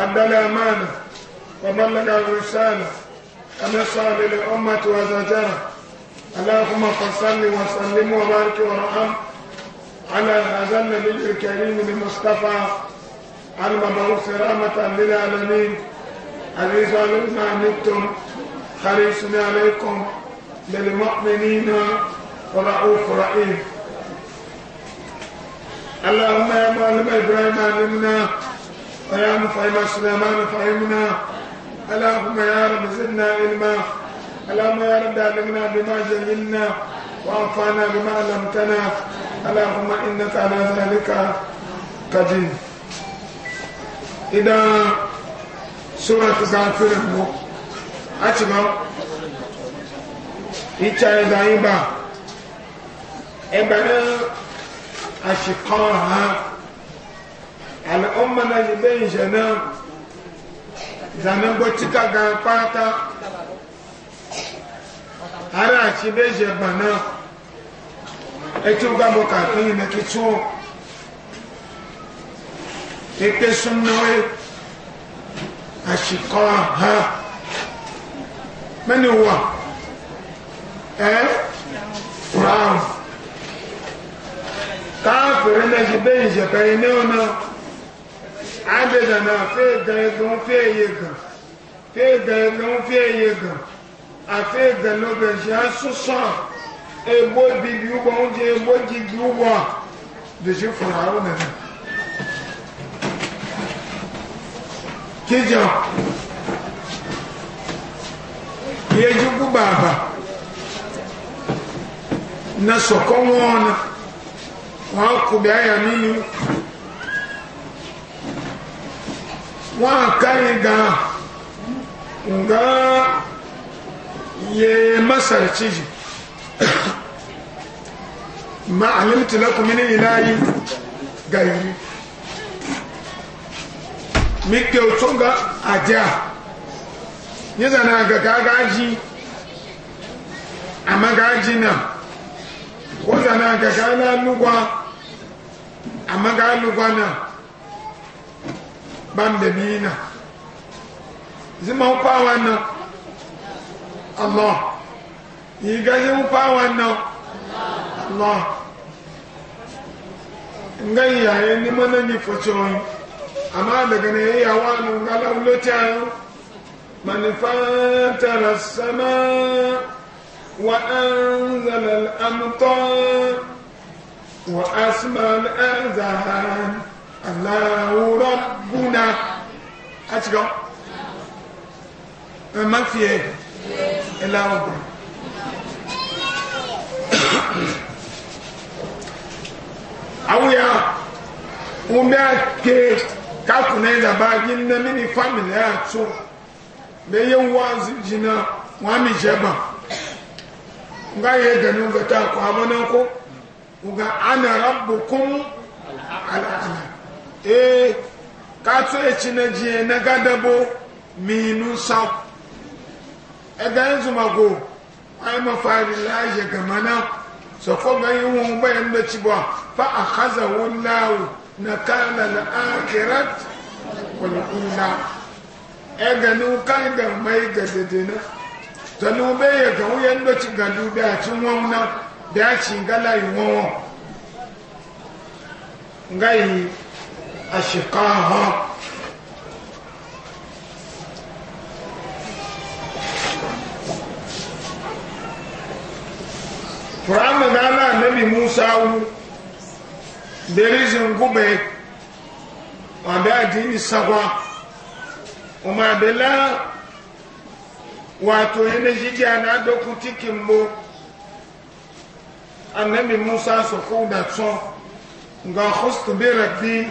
أدى الأمانة وبلغ الرسالة ونصح للأمة وزجرة اللهم فصل وسلم وبارك ورحم على هذا النبي الكريم المصطفى المبعوث رحمة للعالمين عزيز ما عنتم حريص عليكم للمؤمنين ورؤوف رحيم اللهم يا معلم ابراهيم علمنا ويعم فهم سليمان فهمنا اللهم يا رب زدنا علما اللهم يا رب علمنا بما جهلنا وانفعنا بما علمتنا اللهم انك على ذلك قدير اذا سوره كافر اتبع ita ẹ̀dá ابن اشقاها al'umma na yi bai jana zanen gwacika ga fata har a ci bai jebana etu ga bukatun yi na kitso ike sun nawe a shikọ ha mani wa eh brown káàkiri na yi bai jebana náà abeda na fe da egbon fe eye gan fe da egbon fe eye gan afe gan no be ja susan egbo bibi ugbo oúnjẹ egbo gigi ugbo dèjì fúnra ó nana kíjọ yeju kú bàbà na sọkọ wọn na wọn kò bí àyà nínú. wọn kan gan nga ye masarci ji ma alimtu lakum min ilahi gairi mi ke otun ga aja ni zana ga gagaji amma gaji na ko zana ga gana lugwa amma ga lugwa na bambe mina zima upa wana Allah yigazi upa wana Allah ngai yaye ni mana ni fochoyi amma daga ne ya wani ngala ulotayo من فاتر السماء وأنزل الأمطار وأسمى الأذان Allahu rabbuna a cikin mafiye ilawun awuya wọn bẹ ke kakunai da bagin na mini family ya tso bẹ yi wazi jina wọn mi jẹba nga yẹ gani ga ta kwa abana ko nga ana rabbukum al'ala ee katso echi na jiye e na gadabo minu sau ẹgbẹ́ nzumago ayé mafari láàyè wọn fa àkàzà wọn na kánà na ákẹ́rẹ́ kọlùkùnlá ẹgbẹ́ ní wọn káyìn gà má yìí ga أشقاها قرآن نانا النبي موسى بريزن قبه وابع دين السوا وما بلا wato yana jijiya na doku tikin mu annabi musa su kuda tso ga hustu bi rabbi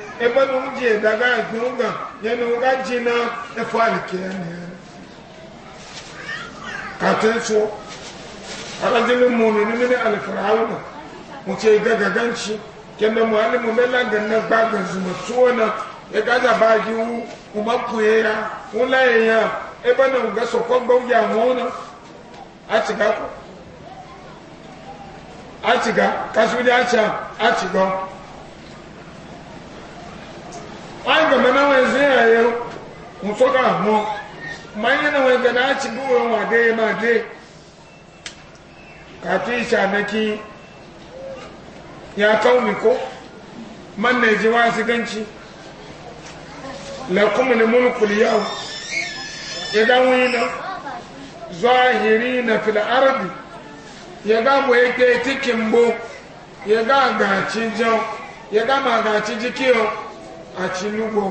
ebe na uje daga ga ya na uga ji na efo alike ya na ya katin so arajilin muni ni mini alfarauna mu ce gagaganci kenda muhallimu bela ganna gbagan zuma tuwana ya gaza bagi wu kuma kuye ya wula ya ebe na uga sokwa gbauya mona a ciga ko a ciga kasu a ciga wani game na wani zai yayo mutu ka mu manya na wani gana ci buwan wade ya ma de kafin shanaki ya kaumi ko man na ji wasu ganci lakum ni mulkul yau idan wani na zahiri na fil ardi ya ga mu yake tikin bo ya ga gaci jau ya ga ma gaci jikiyo àti lúgbọ́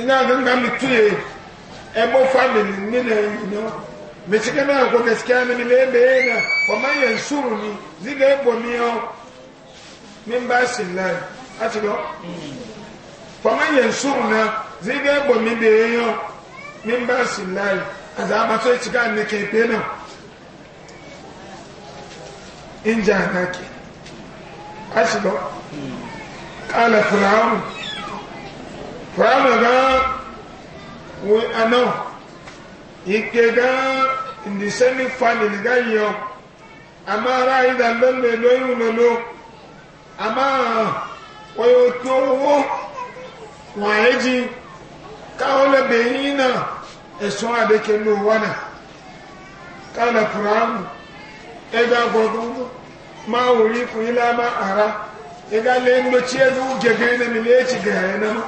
iná gbẹ́ngbà mi túye ẹgbọ́ fámìlì nílẹ̀ ìná na náà kò gẹ̀sìkẹ́ mi ní lẹ́ẹ̀bẹ̀ẹ́ náà ọmọ ni zílẹ̀ ẹ̀bọ̀ mi ọ́ ní bá sì láì láti قال فرعون فرعون ga وانا يكيغا in the same ga yọ àmọ́ a ìdá lọ́lọ́ lóyún lọ́lọ́ àmọ́ wọ́n tó owó wọ́n á jí káwọn lẹ́bẹ̀ẹ́ yín náà ẹ̀sùn àdékẹ́ ló wà náà ega le ndochi elu uge ga ene na lechi ga ene ma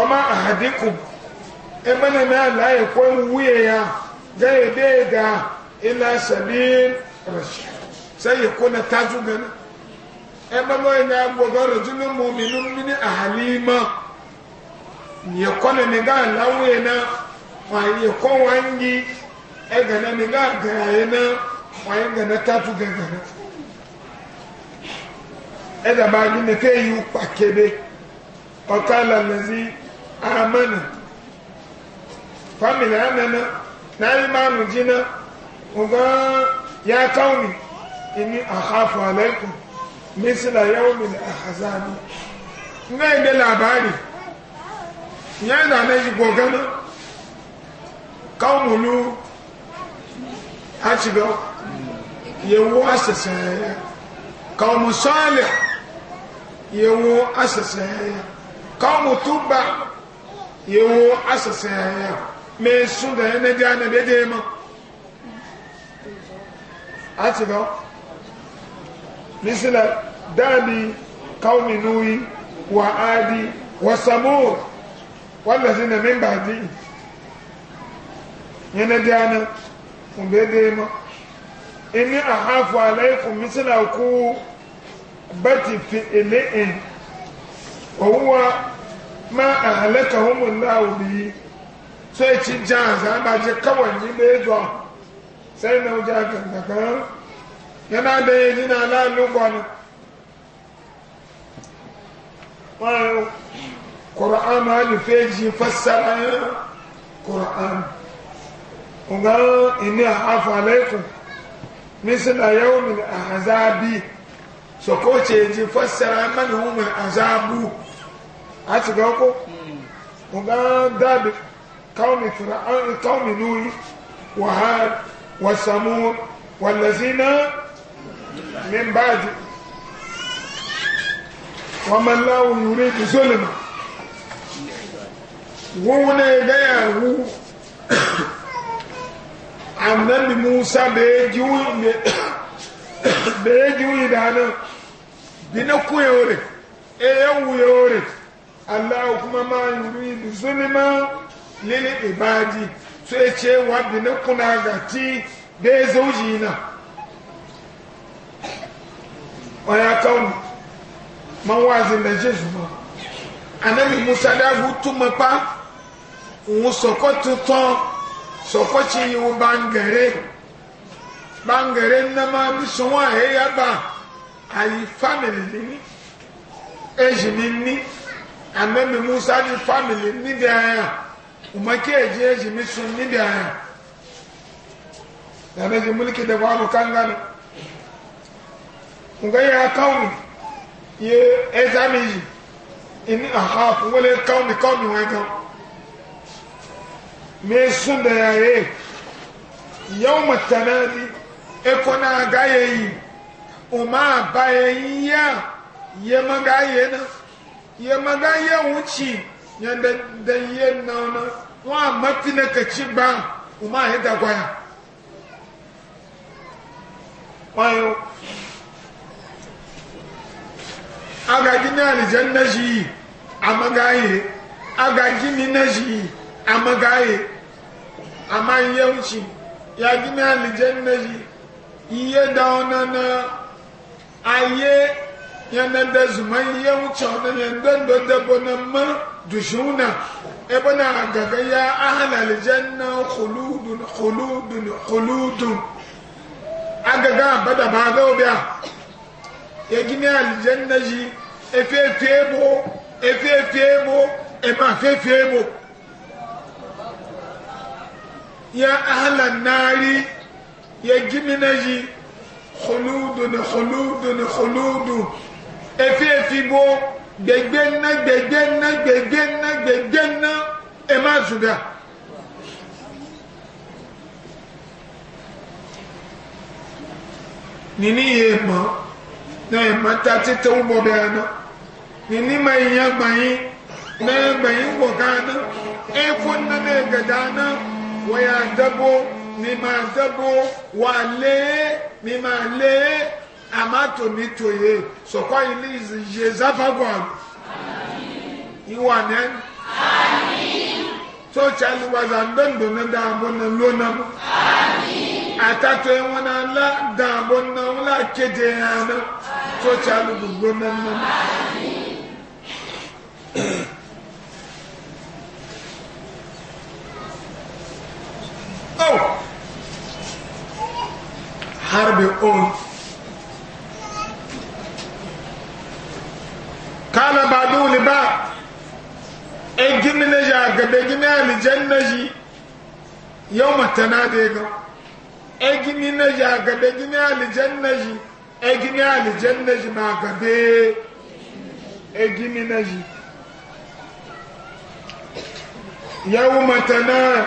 ọma ahadiku ebe na na ala ekwe nwunye ya ga ebe ga ila sabin rashi sai ya kuna taju gana ebe mo ina gbogo rajulun muminu mini ahalima ya kwana ni ga ala nwunye na ma ya kwa wanyi ega na ni ga ga ene ma ga na taju ga ɛda baa ni meke yi wo kpa kebe ɔkala lezi amana famili anana n'ayi maa nu dzi na nga ya kaw ni emi ahafu alaikum misila yawo mi na ahazani nga yi de labari nya na ne yi gbɔ gana kaw atsi dɔ yewu asese kaw mu sɔɔlɛ. yewo asese kawo tuba yewo asese me sun da ne ja ne de de mo ati misila dadi kawo nuyi wa adi wa samud wallazina min ba'di na da ne kun de de mo inni ahafu misila ku bati fi ili'in wa huwa ma ahlakahum Allah bi sai ci jan za ba je kawai ni be do sai na uja ka daga yana da yi na la lugon wa Qur'an ma ni feji fassara Qur'an unga inni afa alaikum misla yawmin ahzabi so ko ce ji fassara mani wumin azabu a ci ga ko ga dabi kawmi fir'aun kawmi nuyi wa had wa samud wallazina min ba'di wa man la yuridu zulma wune ga ya wu annabi musa be ji wu be ji wu dina kuyore eyan wuyore allah kuma ma yuridu zulma lil ibadi so ya ce wa dina kuna gati da ya zauji na waya kauni man wazin da jesu ba anabi musa da hutu mapa òun sọ̀kọ́ tuntun sọ̀kọ́ tí yíò bá ń gẹ̀rẹ́ bá ń gẹ̀rẹ́ nnẹ́mà bí sọ́wọ́n ayi family nini eji nini anabi musa di family nidi aya umaki eji eji mi sun nidi aya dana ji mulki da babu kangana nga ya kawmi ye ezami yi ini ahafu wale kawmi kawmi wega me sun da yaye yawma tanadi ekona gaye yi uma bayan ya ya maga ya na ya maga ya wuce ya da ya na na. wa mafi na kaci ba uma ya da gwaya wayo agagi na alijan na shi a magaye agagi ni na shi a magaye ma yawuci ya gina alijan na shi iye da ona na ayé yẹn da zuma yi yẹn wuce ọdún yẹn don do dabo na ma dushu na ebe na gaga ya ahala alijan na khuludun khuludun khuludun agaga abada ba ga obi a ya gini alijan na ji efe efe ebo efe efe ebo ema efe efe ebo ya ahala nari ya gini na ji xoludu ni xoludu ni xoludu efi efi bo gbegbe na gbegbe na gbegbe na na ẹ má zùdà. nini yɛ ma na yɛ ma ta tete wo bɔ bɛɛ na nini ma yɛ gbanyin na yɛ gbanyin wɔ gaa na ɛ fo na yɛ gɛdaa na wɔ adabo mímá dẹ́bó wà lé mímá lé àmàtòmí tòye sọ̀kọ́ ilé ìyè záfàgọ́n ìwà ní. tó tsali wàzà ndòndò ní dààbò ní lónà. àtàtò ìwọ̀n náà lá dààbò náà wọ́n lá kéde yàn án tó tsali gbogbo náà. oh harbi on oh. kana badu li ba e gimi na ja ga da gimi aljanna ji yau matana da ga e gimi na ja ga da gimi aljanna ji e gimi aljanna ji ma ga be e na ji yau matana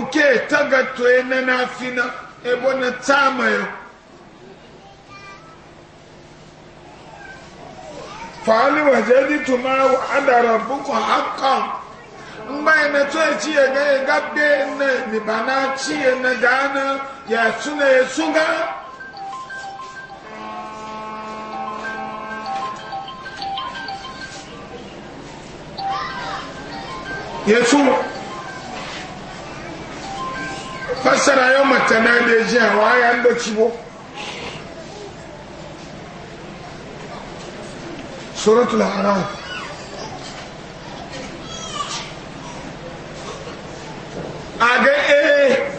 nke taga toe na na afina ebo na tsama faali waje di tuma wa ada rabbuka haqqan mba na to echi ya ga ga be na ni bana na gana ya suna ya suga yesu fassara yau na da ji a waya da cibo suratul haram a ga ee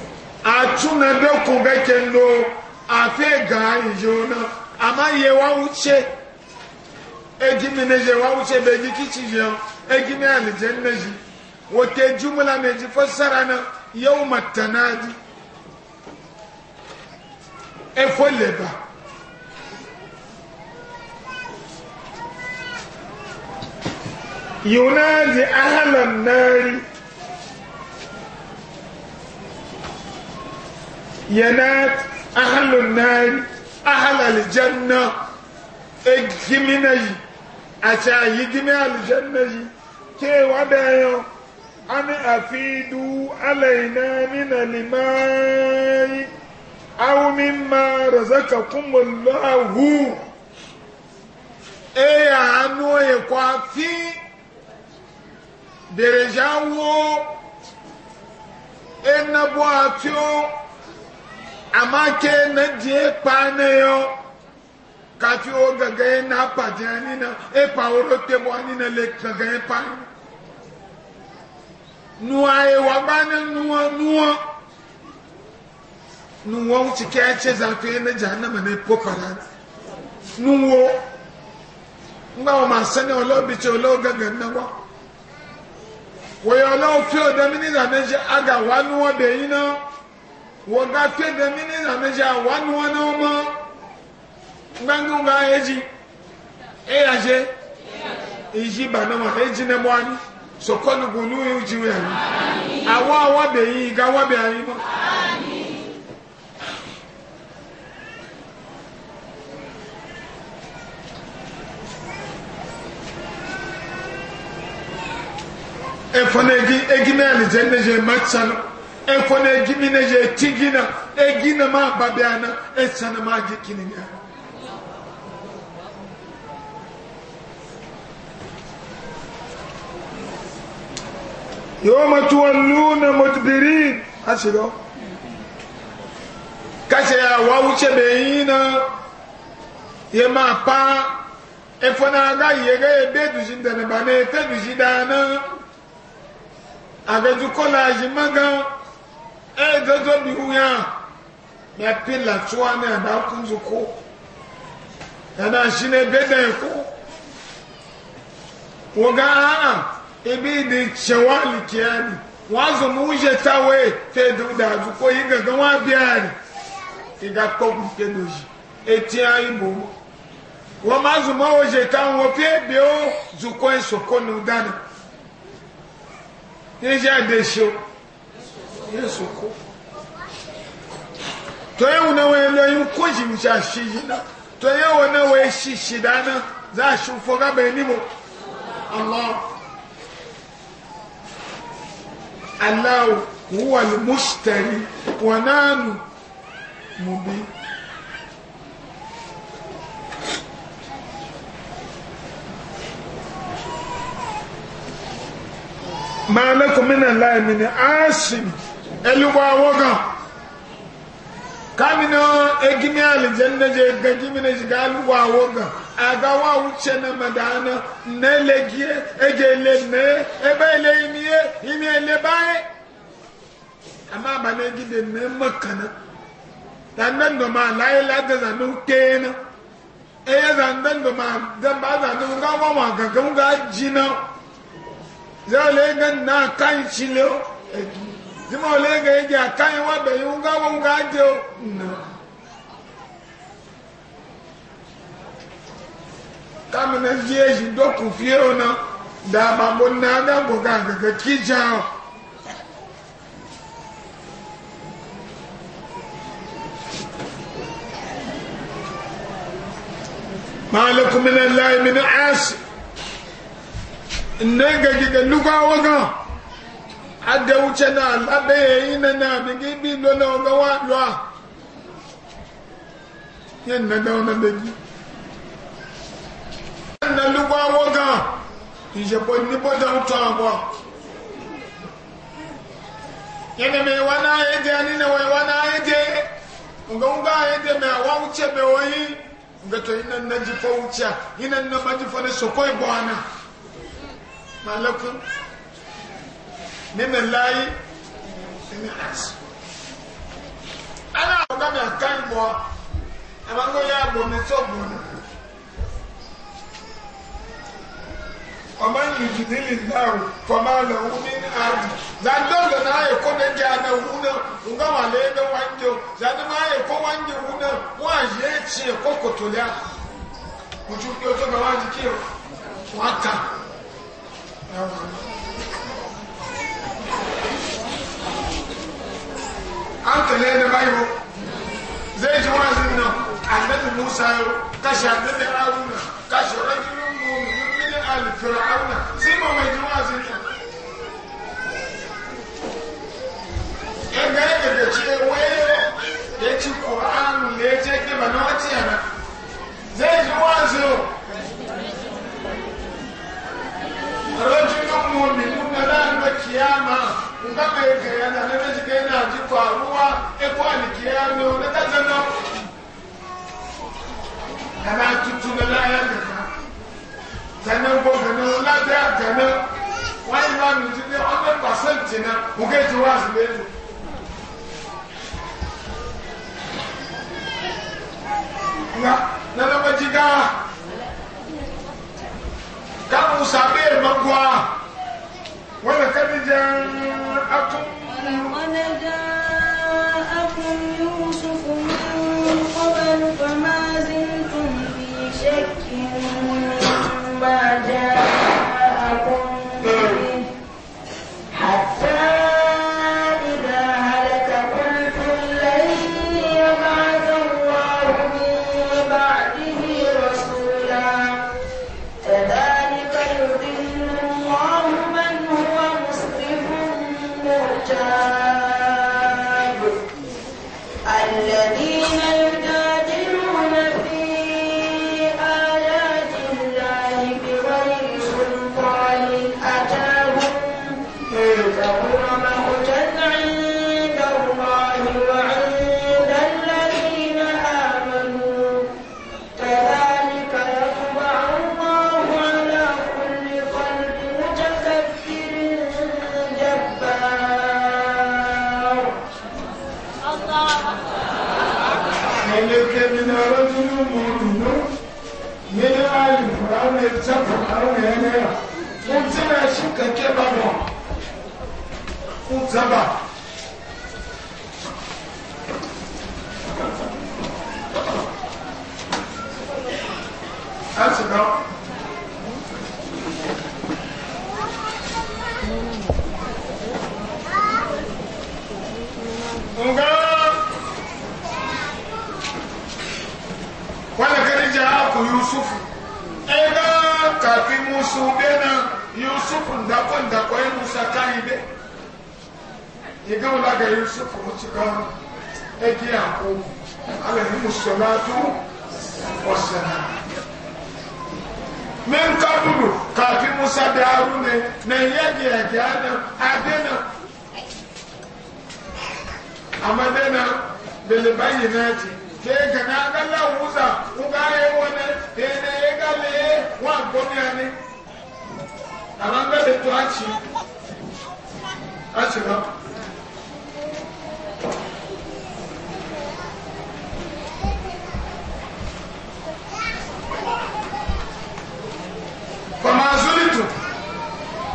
a tuna da ku ga kendo a fe ga jona amma yewa wuce egimi na yewa wuce bai ji kici jiyan egimi alijan na ji wata jumla na ji fassara na yau matanadi efo leba yunadi ahalan nari yanat ahalun nari ahalal janna egimina yi a ca yi aljanna yi kewa da yau an afidu alaina min alimai aw mimma razakakum Allahu eya anu ye kwa fi derejawo enabo atio amake na die pa ne yo kati o gaga na pa jani na e pa oro te bo ani na le gaga pa ni nuwa ye wa bana nuwa nuwa nuwa wuce kya ce zafi na ne nuwo ngba wa ma sani olobi ce olobi gangan na wa wòye ọlọ́wọ́ fi ọ̀dọ́ mínísà méjì aga wà ní wọn bẹ̀ yín na wọ́n gá fi ọ̀dọ́ mínísà méjì wà ní na náà ba edzi ni. So sokɔnu gunu yi jiwe yi awɔ awɔ bɛ yi ga awɔ bɛ yi mɔ. efɔne egi egi na yɛlɛ jɛn ne yɛ matsa no efɔne egi mi ne yɛ tigi na egi na ma ba bɛ ana esa na ma agye kini na. yawma tuwalluna mudbirin asiro kashe ya wa wuce bayi na ya ma pa efo na ga iye ga ebe dushin da na ba na efe dushi da na agaju kola shi maga e gazo bi huya na pila tuwa ibi da cewa likiyani wazo muje tawe te duda ko yi gangan wa biyani iga kogun ke doji eti ayi bomo wọ́n máa zùn mọ́ oje táwọn wọ́n fi èdè ó zùkọ́ ìsòkò nù dání níṣẹ́ èdè ṣe ìsòkò tó yẹ wọn náà lọ yín kó jìnnì ṣe àṣìyí náà tó yẹ wọn náà wọ́n ṣì ṣì dáná záà ṣùfọ́ gábẹ́ nímọ̀ Allah. aláwò wúwà lè mọ́ṣítẹ̀rí wọn náà nù mú bí. máa lẹ́kùn mí náà láì mí ni aásìm ẹlú wa wọ́gàn kamino egimi alijanna je ga gimina shiga aluwa woga aga wa wuce na madana na legie eje le ne ebe ele imiye imi ele baye amma ba na gide ne makana dan nan do ma lai la da zanu kena e ya zan ma dan ba zanu ga wa ma ga ga jina zai le gan na kan shi le zima ole ga eji aka ya wabeghị ngawo nga dị nna kama na eji doku fie ona da agbagbo nne ada gboga agaga kije ahụ malikum min ga adewuce na labeye yi na na bigi bi lo na oga wa lo a ye na da ona begi na lugwa woga ije po ni po da uto abo ye na me wa na ye de ani na we wa na ye de oga oga ye de me wa uche be oyi ngato ina na ji po uche ina na ma ji po ne sokoi bo ana malakun mímẹ̀ láyé mímẹ̀ àṣì ana àgbà mi àká ìbọ̀ àmàgbọ́ yà àgbọ̀ mi tó bọ̀ nù ọmọ ìlú nílì náà fọmọ àlọ wù ní àrùn zandolo na ayè kó ne dza na wù nà nga wà lé ne wà ń jò zandolo na ayè kó wà ń jò wù nà wọn àyè tsi kó kòtò lẹ́à kutu kí o tó bá wà ní kí o wọn ta. an kale da bayo zai ji wazin nan annabi musa yau kashi annabi haruna kashi rajulun mu'minun min al fir'auna sai ma mai ji wazin nan in ga daga ce wayo ya ci qur'an ne je ke ba na wati yana zai ji wazin rajulun mu'minun la al-qiyamah nga mai gaya na na nashi kai na ji faruwa e kwanaki ya ne wani kaza na kana tutu na laya da ka sannan ko gani wula da ya gani wani ma mu ji ne wani pasanti na kuka ji wa su ne nga na na majiga kan usabe magwa ولقد جاءكم ولقد جاءكم sábà. láti lọ. nga wani kari ja Yusuf. yusufu ega kafi musu bena yusufu ndakwa ndakwa yi musa kan yi يقول لك يوسف متكا اجي يعقوب عليهم الصلاة والسلام من قبل كافي موسى بهارون نيجي na ادنا amadana bilibayinati ke kana gala wuza uga ye wona ene ye gale wa gomiani amanga betu achi achi no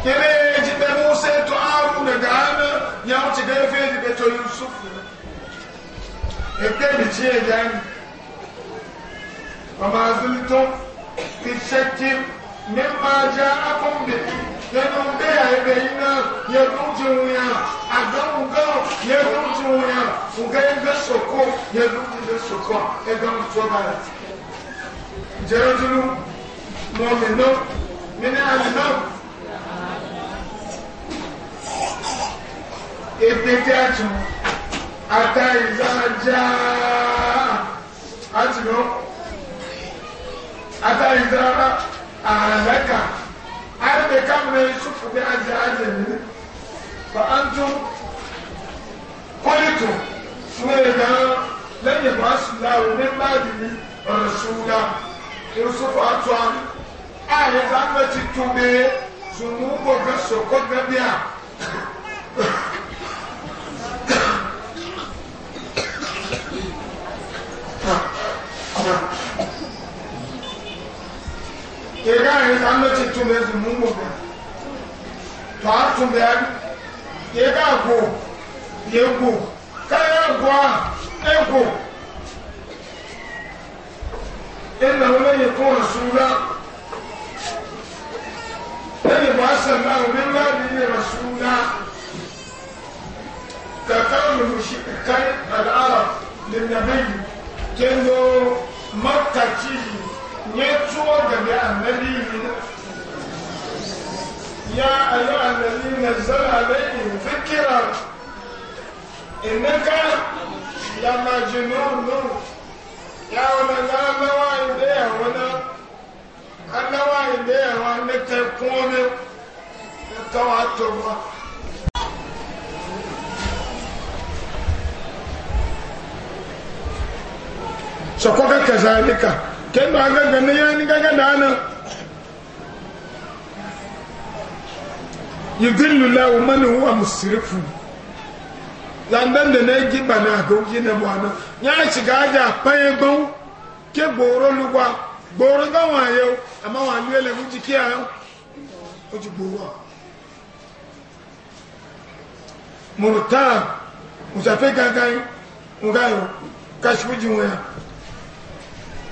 kere ji be musa to aru da gana ya wuce ga fe ji be to yusuf ebe ni ce ya ni wa ma zulto fi shakki mimma ja'akum bi yanu be ya ebe ina ya dunje wuya agan uga ya dunje wuya uga ga soko ya dunje soko e ga mutu ba jerojulu mu'minu min al-nam ebedatu ata izaja ati no ata izara alaka arabe kamuna yusufu bi aje aje ni fa antum kọlitu suwere gan lẹyìn ìbásùlá omi báyìí ni ọ̀rọ̀ sùwúlá yusufu atua ayé zanbẹ ti tún bẹ zunubu gbẹ sọkọ gbẹ bíà. kan kega ni san lo ti tun be mu mo be to a tun be kega go ye go kaya go e go inna hu man yakun rasula Nabi ba san ma min ba ni rasula ka kawo mushi kai al'arab lin nabi kendo makaci ya tuwa daga annabi ne ya ayu annabi na zara alaihi zikira innaka la majnun ya wani lalawa ideya wani allawa ideya wani ta kome ta wato ba sakwaka kazalika kendo aga gane ya ni gaga dana yudhillu lahu man huwa musrifu landan da na gi bana gogi na bwana ya ci gaja paye gon ke boro lugwa boro ga wayo amma wa lu ele guji ke ayo oji boro murta musafe gaga ngayo kashbuji waya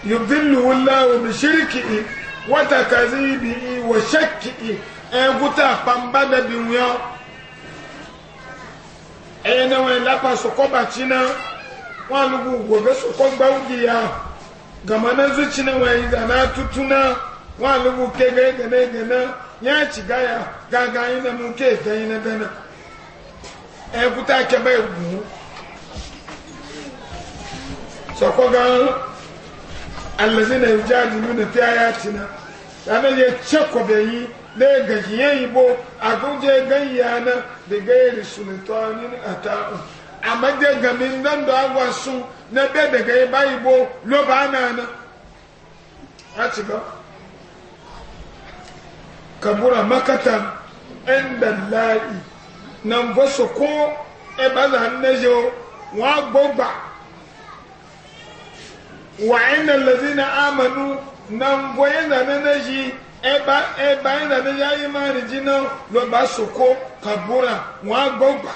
yudhilluhu llahu bishirkihi wa takadhibihi wa shakkihi eguta pambada biwuyo eyene wen lapa soko bacina wọn lugu gobe soko gbawugiya gama na zucina wen igana tutuna wọn lugu kege ya ya gaga ke ta ina dana eguta kebe alazina yujadiluna fi ayatina yana ya cekwa da yi na ya gaji ya yi bo a guje ganya na da gairi sultanin ata'u amma da gamin nan da agwa su na be da gai bayi bo lo ba na na a ci ga kabura makatan inda la'i nan ba su ko e ba za hannajo wa gbogba wa'in lazina amanu nan goyen zane na shi eba e bayan zane ya yi mari lo ba su ko kabura wa gbogba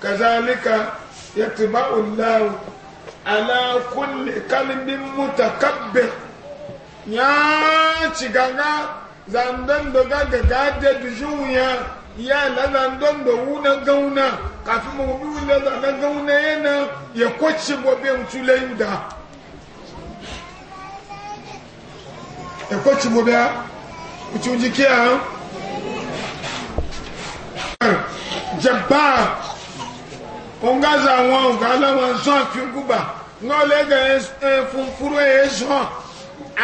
kazalika yatba'u Allah ala kulli kalbin mutakabbir ya ci ganga zandan doga ga gaje dujuya ya laza don da wuna gauna kafin mu bi laza na gauna yana ya kwace gobe mutu layu da ya kwace gobe mutu jiki a jabba onga za wọn onga alawọn zọn fi guba ngọ lẹgẹ funfuru ẹ zọn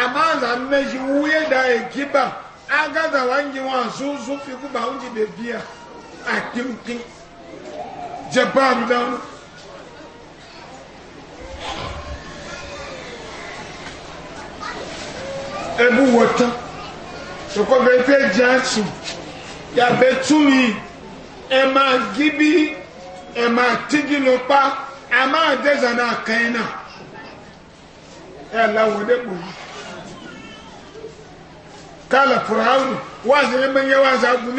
àmà àzà méjì wúyẹ dà ẹ kíba agaza wanji wansu sufi kuba unji bebia akimki jabaru dano ebu wota soko bete jansu ya betuli ema gibi ema tigilopa ama adeza na kaina ẹ làwọn ọdẹ قال فرعون واز لمن يواز أبو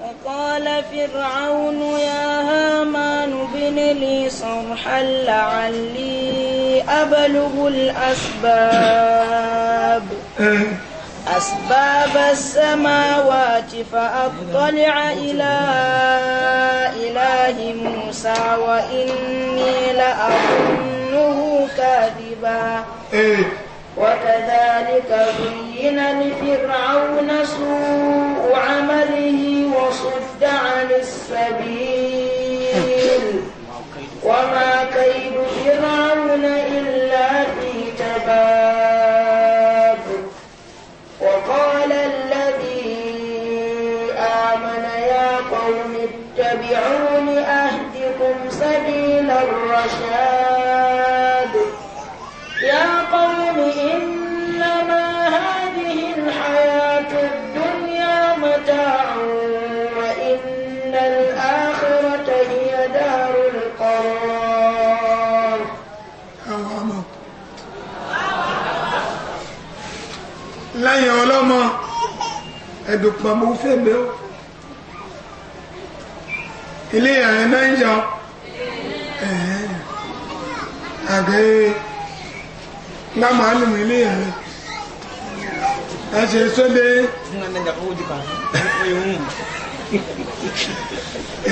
وقال فرعون يا هامان بن لي صرحا لعلي أبلغ الأسباب إيه. أسباب السماوات فأطلع إلى إله موسى وإني لأظنه كاذبا إيه. وكذلك زين لفرعون سوء عمله وصد عن السبيل وما ọmọ ẹ̀dùn pàmò fèbè ó ilé ààrẹ náà ń yọ àgẹ́ ńlá màálùmù ilé ààrẹ ẹ̀ṣẹ̀ sóde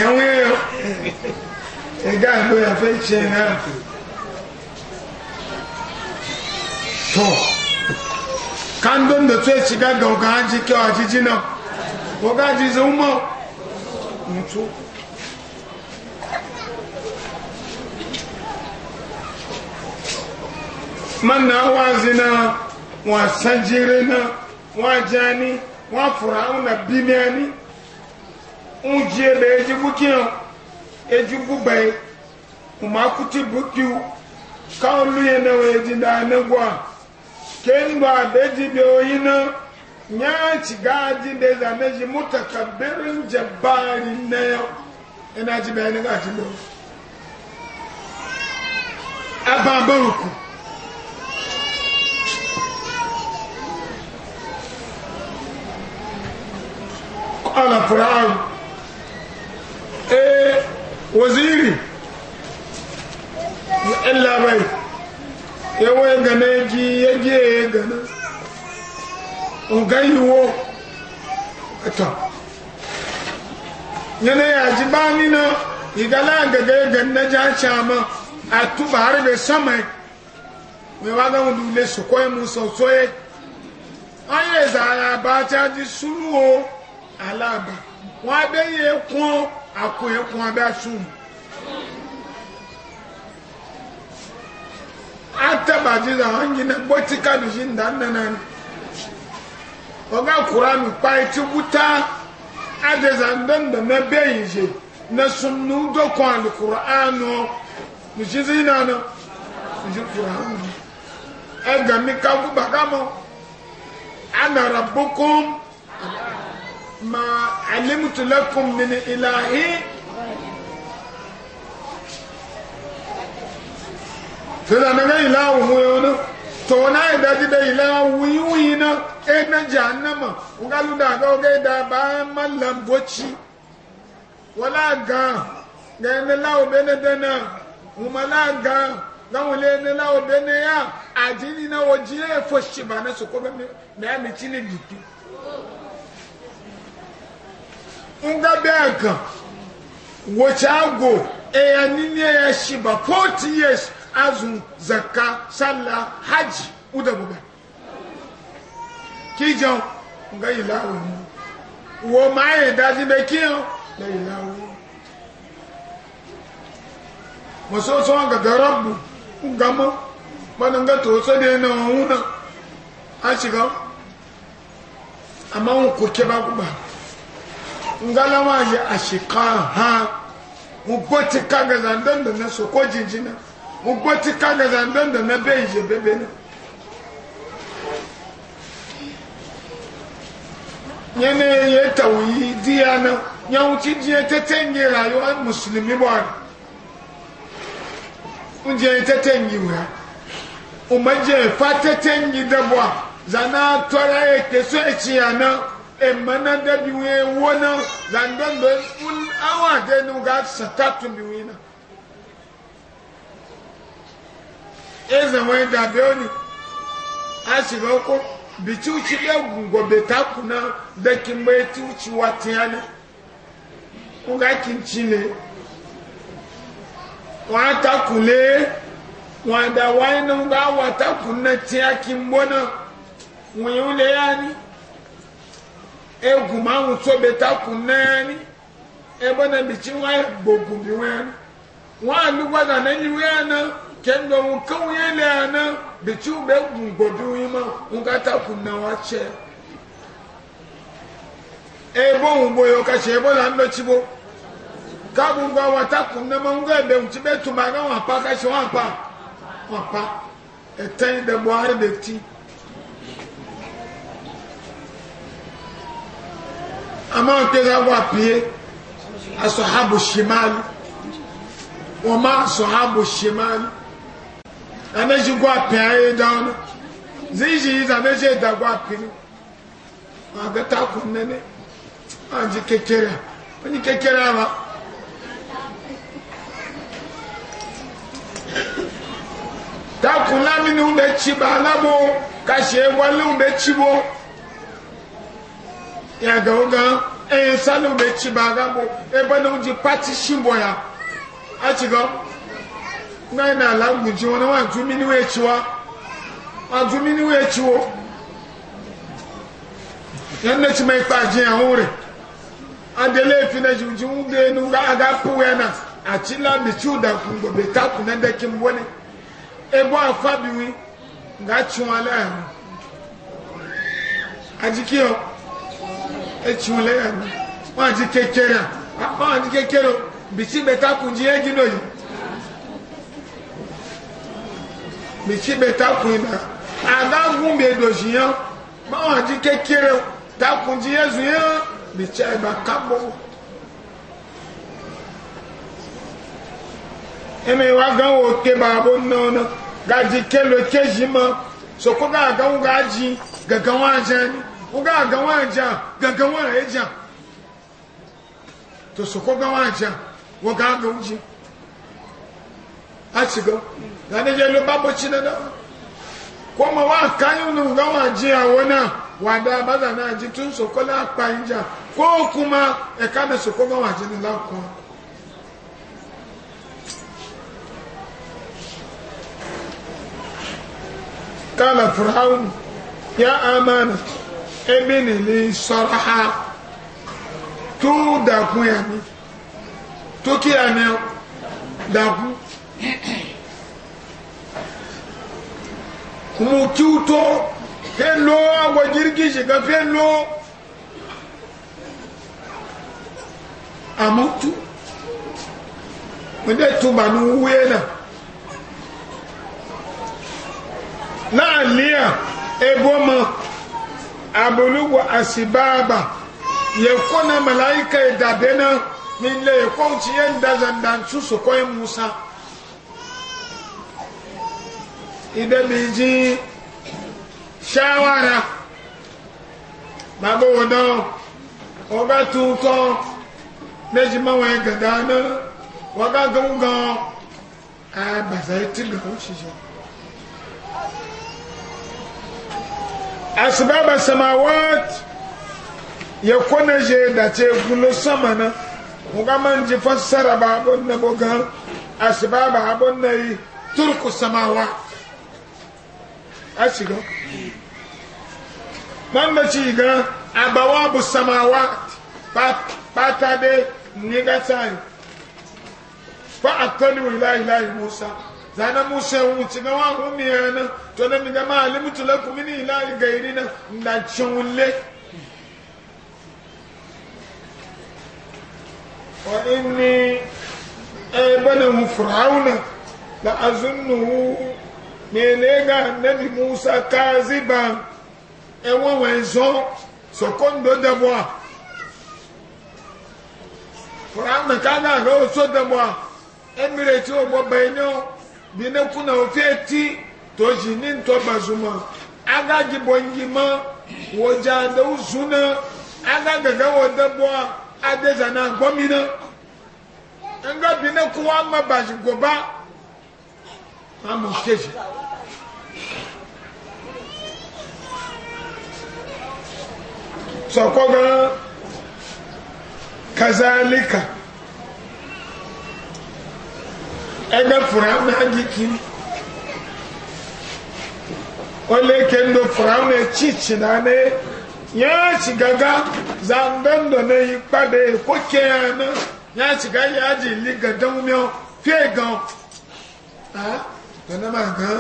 ẹ̀wọ̀n ẹ̀yọ ẹ̀gá ìlú ẹ̀fẹ́ ìṣẹ̀ náà tó. kandun da tsoye shiga ga ogan ji kyau a jiji nan oga ji ụmụ ntụ mana man na wazi na wasan jire na wajani wa furaun na bimiyani un jiye da ya ji bukiyan ya ji bubai kuma kuti bukiyu na waje da na gwa kendo abeji be oyina nya ci gaji da zane ji mutakabbirin jabbari na yau ina ji bayanin gaji da ababen ku ala fir'aun eh waziri illa bai ewe gana eji eji gana nga yiwo eto nyene ya ji ba ni na igala gaga ganna ja chama atu bahar be sama we wa ga ndu le so koy mu so so e aye za ya ba cha ji suru o alaba wa be ye kun akun ye kun abe pata baji za hangi na boti ka bi jin dan nan oga qur'an pa ti buta ade zan dan da na beyin je na sunnu do ko al qur'an ni ji zina na ji qur'an e ga mi ka bu baka mo ana rabbukum ma alimtu lakum min ilahi tẹ́lẹ̀ mẹ́gá ìlà òun ẹ̀hónú tọ́wọ́nà da ìlà wíwí iná ẹ̀nàjà anamọ̀ ọgálùdà àgọ́gẹ́ ìdàbà mọ́làmbọ́chí wọ́n láàgá gẹ̀ẹ́nẹ́lá òbẹ́nẹ́dẹ́nà wọ́n mọ́ láàgá gáwọn ilé ẹ̀nẹ́lá òbẹ́nẹ́yà ya, òjì ẹ̀fọ́ ṣìbà náà sọ́kọ́ na mi tí ní dìkì nga bẹ́ẹ̀ kan wọ́n ṣáàgò ẹ̀yà níní ẹ̀yà shiba, 40 years azun zakka sallah hajj uda buga ki jẹun nga ìlàwọ̀ ni wo máa yẹ dájú bẹ kí ọ lẹ ìlàwọ̀ mọ̀sọ́sọ́ wọn gàgà rọ́bù ngamọ́ mọ́nà nga tó sọ́ de na ọ̀hún na a ṣìgá àmọ́ wọn kò kẹ́ bá gbà nga láwọn àyè àṣìká ha wọn gbọ́ ti ká gàdá ndọ́ndọ́ náà sọ́kọ́ jìnjìn náà mo gbọ́ tí kágàdà ndọ́ndọ̀ náà bẹ́ẹ̀ yẹ bẹ́ẹ̀ náà. nyɛ ne yɛ tawu yi diya na nyɛwu ti diɛ tɛtɛ nye rayuwa musulumi bɔr n diɛ tɛtɛ nyi wura o ma diɛ fa tɛtɛ nyi dɛ bɔ zana tɔra yɛ kɛsɔ etsiya na emana dɛ bi wɛ wɔ na zan dɔn dɔ awa dɛ nu ka sata tun bi wɛ na. eze nwee dabe onye a siri okwu bichi uchi egwugwo betapu na beki mgbe eti uchi watiyana ụga kinchile nwata kule nwada wani nga wata kunna tiya kimbona nwunye ya anyị egwu ma nwụso beta kunna anyị ebe na e bichi nwa gbogbo bi nwanyị nwa alụgwa na na nyiwe ya na kendo ŋun kan ye le ana bitiw bɛ gun gɔdun yi ma ŋun ka taa kun na wa cɛ e bo ŋun bo ye o ka cɛ e bo la n dɔ ci bo k'a b'u ka wa taa kun na ma ŋun ka bɛ ŋun ti bɛ tuma ka wa pa ka cɛ wa pa wa pa e ta in bɛ bɔ hali ti. a máa wà píye asọ̀hábò ṣe máa ń wọ́n máa sọ̀hábò ṣe máa ń ameji gwa pɛ ayi dawuna zizi yi zame je da gwa piri aga ta kun nene anji kekere anji kekere ama ta kun lami ni umbe chiba alabo kashi egwali umbe chibo ya ga oga eyin sani umbe chiba agabo ebe na uji pati shimbo ya a chigo nga ina ala ngwuji wani na ntu mini wa echiwa a ntu na chima ikpe ji ya hore adịla efi na jiwuji enu ga aga na achịla bichi uda betakụ beta kuna e afọ biwi nga ya wọn àti kékeré wọn àti kékeré bìtí bẹta kùn jí mi tsi be takun na agagun be dozi yɔ bawo adi kekere takun ti yezu yɔ mi tsi ba kabo eme wa gan wo ke baabo nɔnɔ gadi kelo kezi ma soko ga gan wo ga dzi gangan wa dza ni wo ga gan wa dza gangan wa ye dza to soko gan wa dza wo ga gan wo dzi a dani je lo babo china da ko ma wa kanyu nu ga wa ji awona wa da baza na ji tun so ko la pa inja ko kuma e ka be so ko ga wa ji ni la ko kala fir'aun ya amana ebini li saraha tu dakun ya ni to ki ya ni dakun mu kiwuto fenlo wa jirgi shiga fenlo amatu wanda tuba ni wuye na la'aliya eboma abuluwa asibaba ya kona mala'ika ya dabe na min le ya kwanci yan dazan dan su su musa ibe biji shawara babu wadon oga tuto meji mawai gada na waga gungan a ba zai tilga wuce asibaba samawat ya kone je da ce gulo sama na muga man ji fassara ba abun na bugan asibaba abun na turku samawat a shiga bamba ci ga abawa bu samawa fata be ni ga tsani fa attani wallahi lahi musa zana musa wu ci ga wa hu mi yana to na mi ga ma alimutu ilahi gairina na chunle wa inni ay eh, bana la azunnuhu milega nabi musa kaziba ewo wenzo sokondo dabwa qur'an kana ro so dabwa emire ti o gbo benyo bine kuna ofeti eti jini to bazuma aga jibo njima woja da uzuna aga gaga wo dabwa adeza na gomina nga bine kuwa mabaji goba àmọ̀ stéjì sọ̀kọ́ gan kazalika ẹgbẹ́ fúráwùn agikin oleke ndo fúráwùn echichi nane yáà ci gaga zangando ne ìpàdé kókè yáà ci gaga yáà jì lì gàdánwó mìíràn gan tẹ̀lé máa gan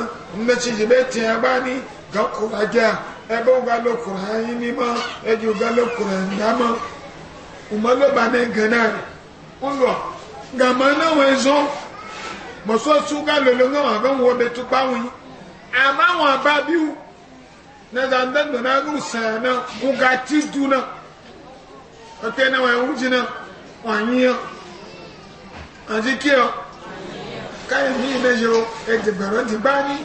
mẹ́tí yìí bẹ́ẹ̀ tiẹ̀ bá ní gan kura jẹ́ ẹbí wọn gan ló kura yín ní mọ́ ẹbí wọn gan ló kura yín dá mọ́ ọmọ ló bá ní gan náà ń lọ gàmọ́ náà wọ́n zọ́ mọ̀sọ́sù gan lòlò ń wọ́n gan wọ́n bẹ tó pa wọn yìí àmọ́ àwọn àbá bí wù nàdà ń dẹ́gbẹ̀ẹ́ náà ló sàn náà ga tí du náà ọ̀tẹ́ náà wọ́n ẹ̀ wújì náà wọ́n yín ọ́ àti kí káyọ̀ ní ìmẹ́jọ ẹ̀dẹ̀gbẹ̀rún ti bá bani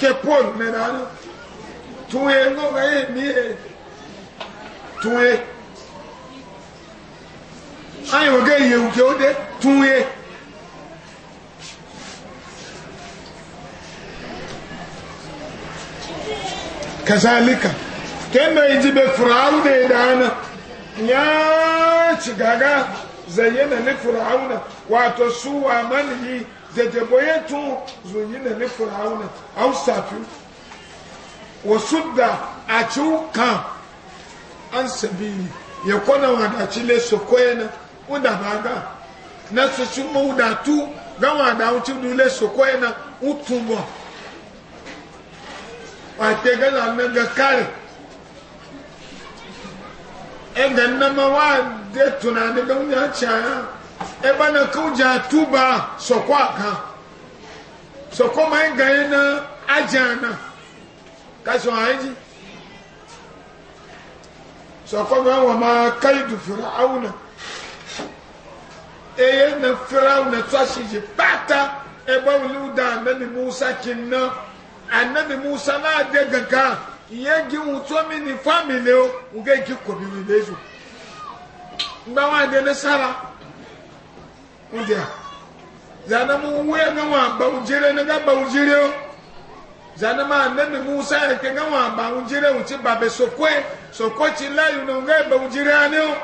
ke paul mẹ́rànú tún ẹ lọ́wọ́ ẹ̀ mí ẹ̀ tún ẹ ayọ̀ ọ̀gá ìyẹ̀wù kí ó dé tún ẹ. kazalika kenda ijibe fura'auna e da idana ya ci gaga zayyana ni fura'auna wato suwa maniyi jẹjẹbọyẹ tún zonyi na ne fura awọn na awọn saafi wosu da akyew kan ansa bi yi yɛkɔ na wɔn adakye le sokoe na wɔn da baaga na soso wɔn da tu na wɔn adakye do le sokoe na wɔn tu bɔ wɔate gana ne ga kare ɛnna nnama wɔn ebe na kuja tuba sokwa kan sokwa ma n ganye na ajana kaso anji sokwa ma wa ma kaidu fir'auna eye na fir'auna ji pata ebe ụda anabi musa kinna anabi musa na ade gaga ìyẹn gị ń mini famile o ń gé gi kò bí mi lẹ́jọ́ ndia zana mu wuya ga wa ba ujire na ga ba ujire zana ma ne mi musa ya ke ga wa ba ujire u ti ba be sokwe sokwe ti la yu no ga ba ujire ani o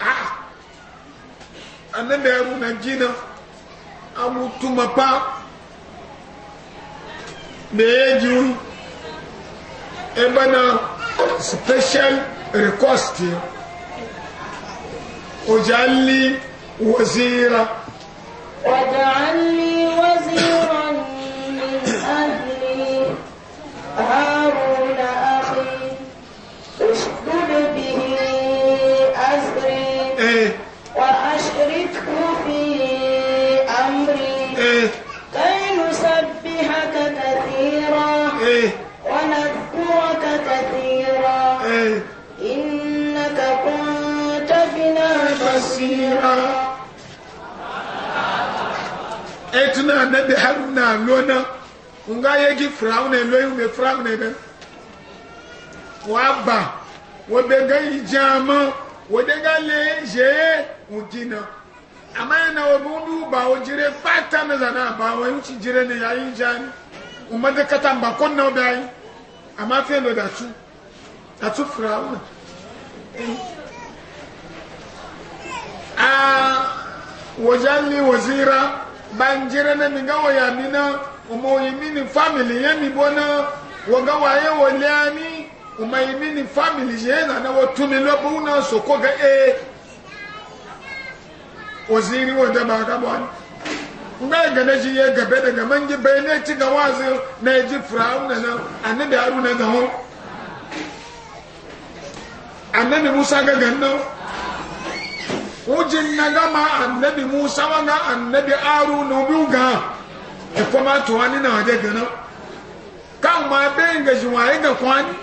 ah anan da yaro na jina amu tuma pa me yeju e bana special request o وزيرا واجعل لي وزيرا من أهلي هارون أخي اشدد به na anabi haruna alo na nga yegi firawuna elo yi me firawuna na waba wodega yi jama wodega le ye ugina amaya na obi ndu ba ojire fata na zana ba wa yuci jire ne ya yi jani umade kata mba kon na obi ayi ama fe lo da tu da tu firawuna a wajali wazira banjire ne mi gawo ya mi na umo mi ni family ye mi bona wo gawo ye wo le ani mi ni family ye na na wo tu mi lo bu na so ko ga e waziri wo da ba ka bon ngba ga na ji ye ga be daga manji be ne ti ga wazi na ji fraun na na annabi haruna ga ho annabi musa ga ganno wujin na gama annabi musa wana annabi aro na obi ga e kuma tuwani na waje gana kan ma bayan ga shi waye ga kwani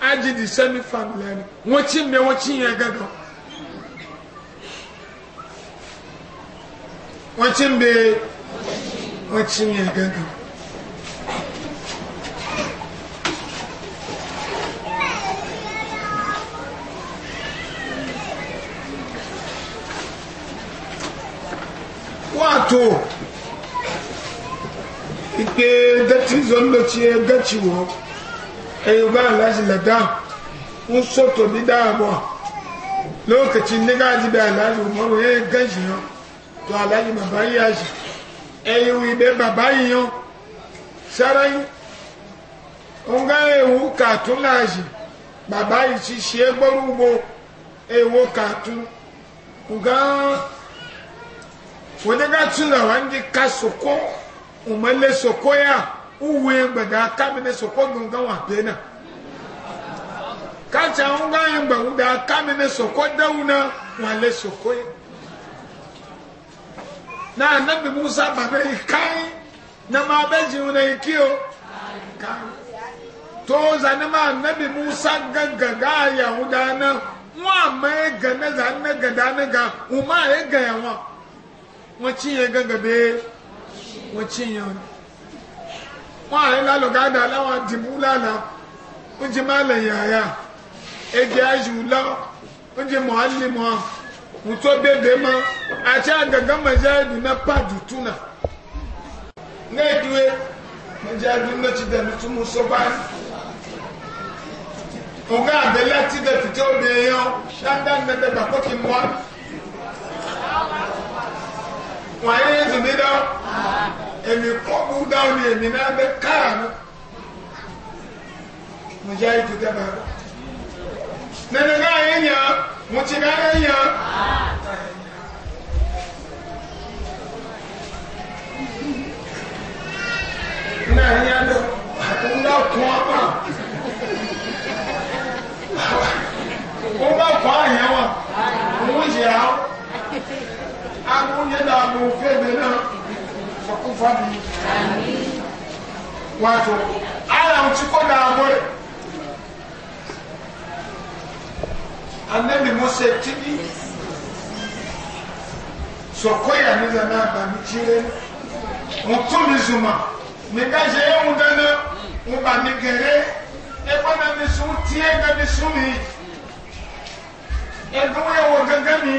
aji di semi family ne wacin me wacin ya gaga wacin be wacin ya gaga wato ike dati zollo ci ya e gaci wo ayo e ba alaji ladan un soto bi damuwa lokacin ni gaji da alaji umaru ya gaji yau to alaji baba ya shi ayo e ibe baba yau sarai un ga ewu katun laji baba yi ci shi ya gbarugo ewo katun un ga wòde ka tuna wangi ka soko umele soko ya uwe gbada kamine soko dunga wa bena kacha nga yin uda wuda kamine soko dauna wale soko ya na anabi musa babe kai na ma beji una ikio kai to zanama anabi musa gangaga ya wuda na wọn àmọ ẹgẹ gada nẹgà dánẹgà wọn máa ẹgẹ yẹn wọn wọ́n tíyẹn gẹ́gẹ́ bí wọ́n tíyẹn wọ́n àrẹ lálọ́gádà láwọn àdìmú lánàá wọ́n ti máa lẹ̀ yàyà èdè àjù lọ wọ́n ti mọ̀ álì mọ́ wùtó bèbè mọ́ àti àgàgà mọ̀jáàdù náà pàdù túnà n'èdúwé mọ̀jáàdù náà ti dẹ̀nu tún mú sọ́bà ní. ògá àbẹ̀lẹ̀ ti dẹ̀ fìtẹ́ obìnrin yẹn ṣáńdá nẹ́dẹ̀gbà kókì mọ́ wọ́n ayé yẹn tún ní dáwọ́ èmi kọ́kú dáwọ́ ni èmi náà bẹ káà ní. mo já ètò dẹ́gbẹ́ rẹ̀. nínú káà yẹn yàn mo ti ká yẹn yàn. náà yẹn lọ àtúndà kún apá. ó bá kọ́ àyẹ̀wò òun jìyà ó àwọn yẹn náà ló fẹ́ mi náà fọkún fami. Wàtò àyà ń tukọ̀ náà wọlé. Anẹ́mi mo ṣe tíbi sọ̀kọ́ yà ní ìyá náà bá mi tiré. Mo tún mi zùmọ̀ nígbà ṣe é ń dáná mo bá mi gẹ̀rẹ́ ẹgbẹ́ náà mi sùn tiẹ́ náà mi sùn mi. Ẹ̀dùn yẹn wọ gẹ́gẹ́ mi.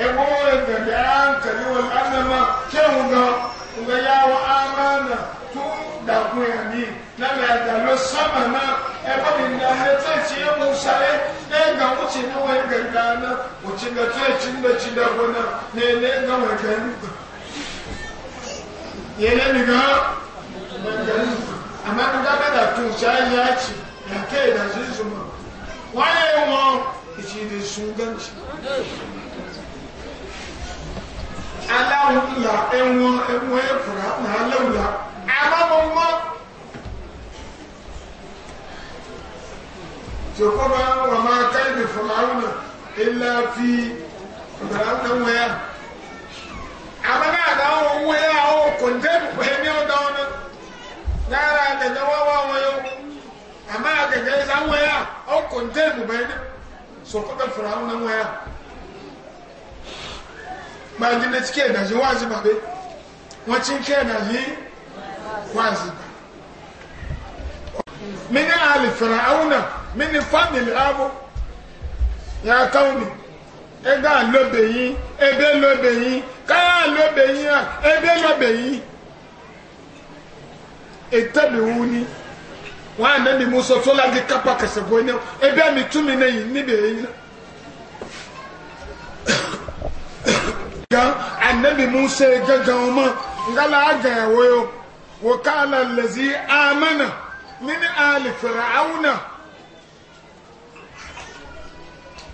eboyin da ya hankali wa annama kyau ga kuma yawo amana tun da kuya ni na mai dalo sama na eboyin da har tsanci ya musa ya ne ga wuce na wai ganda na wuce ga tsancin da ci da gona ne ne ga mai gani ne ne ni ga mai gani amma ni gaba da tun shayi ya ci da kai da zuzuma waye wọn ichi da shuganci aláwùlà ẹwọn ẹwọn ẹfura nà aláwùlà aláwùmọ. sokoba wà máa ká ibi fọláwùnà ilà fi fọláwùnà wẹ̀yà. àmàlà àdáwọ̀ wẹ̀yà ọ̀ kòńtẹ́ẹ̀mù pẹ̀lú ọ̀dọ́ ọ̀nà dára àgẹ̀gẹ̀ wá wá wọn yọ àmà àgẹ̀gẹ̀ sáwọn wẹ̀yà ọ̀ kòńtẹ́ẹ̀mù pẹ̀lú sokoba fọláwùnà wẹ̀yà máa dín létí kí ẹ̀dàjì wá sí bàbá wọ́n ti ń kí ẹ̀dàjì wá sí bàbá. mi ní àlè fẹ̀rẹ̀ àwọn náà mi ní fámìlì ààbò yà á ni ẹgbẹ́ àlóbè yín ẹgbẹ́ lóbè yín káyà àlóbè yín à ẹgbẹ́ lóbè yín. ètèbè wù ni wọn ànábì mú sọ tó kápá kẹsẹ̀ bọ́ ẹni ẹgbẹ́ mi túmí náà níbẹ̀ yìí dan anabi musa ya gangan ma ngala agaya wayo wa kala allazi amana min ali fir'auna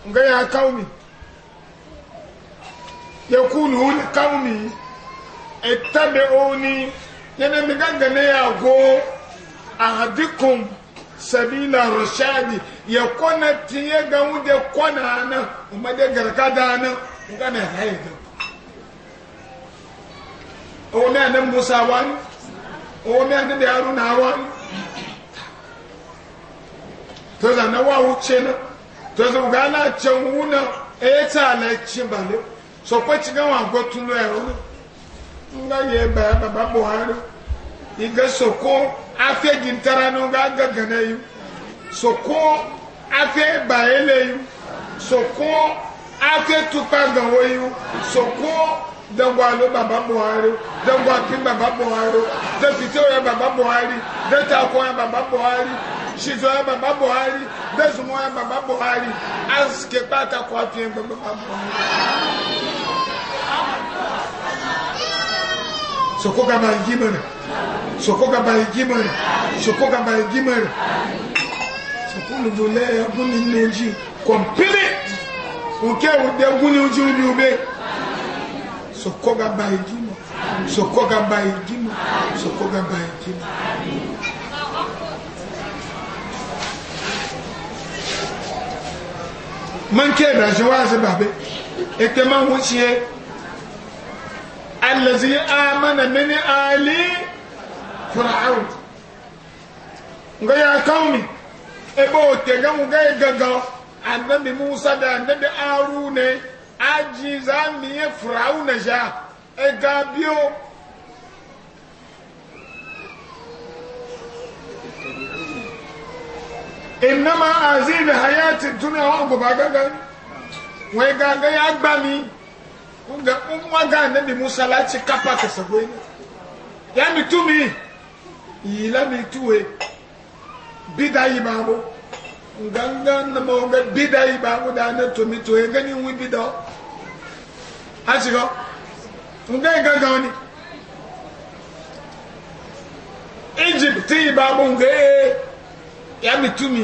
nga ya kaumi yakulu li kaumi ittabi'uni yana mi gangane ya go ahadikum sabila rashadi ya kona tiye ga wude kona na umade garkada na ngana haida owó mi àná musa wọn owó mi àná dẹrù náà wọn tọ́sà náà wà wọ́n eye náà tọ́sà wọ́n gánà tiẹ̀ wọ́n na ẹ̀yẹ tí a lẹ̀ balẹ̀ tí àgọ́ tún lọ nga yẹ buhari ìgbẹ́ sọ̀kọ́ afẹ́gi ntara ní nga gàgànà yìí sọ̀kọ́ afẹ́ bàyẹ̀ yìí sọ̀kọ́ afẹ́ tukpa yìí dẹ́gbọ́ alo baba buhari dẹ́gbọ́ akin baba buhari dẹ́fitẹ́ oyè baba buhari dẹ́tẹ́ akọ́yè baba buhari ṣìṣọ́ oyè baba buhari dẹ́sùmọ́ oyè baba buhari azikẹ́ pátá kọ́ àfihàn baba buhari. soko gaba yi mana soko gaba yi mana soko gaba yi mana soko lubulẹ ẹgún nínú ojú kọmpilẹ òkè òde ẹgún ni o bẹ sokoga bayijima sokoga bayijima sokoga bayijima manke da shi wazi babe ita man wuce allazi amana mini ali fir'aun ga ya kaumi ebe o te ga mu ga gaga musa da annabi arune aji zambi ye furawu na ja ega bio innama azid hayati dunya wa goba gaga wai gaga ya gba mi nga umma ga nabi musa la ci kapa ka sabo ya mi tumi yi la mi tuwe bidayi ba mo nganga na mo ga bidayi ba mo da na tumi to e gani wi bida àṣìkọ́ ǹgbẹ́ nǹkan ni egypt tí ìbá bò ń gbé yà mí tú mi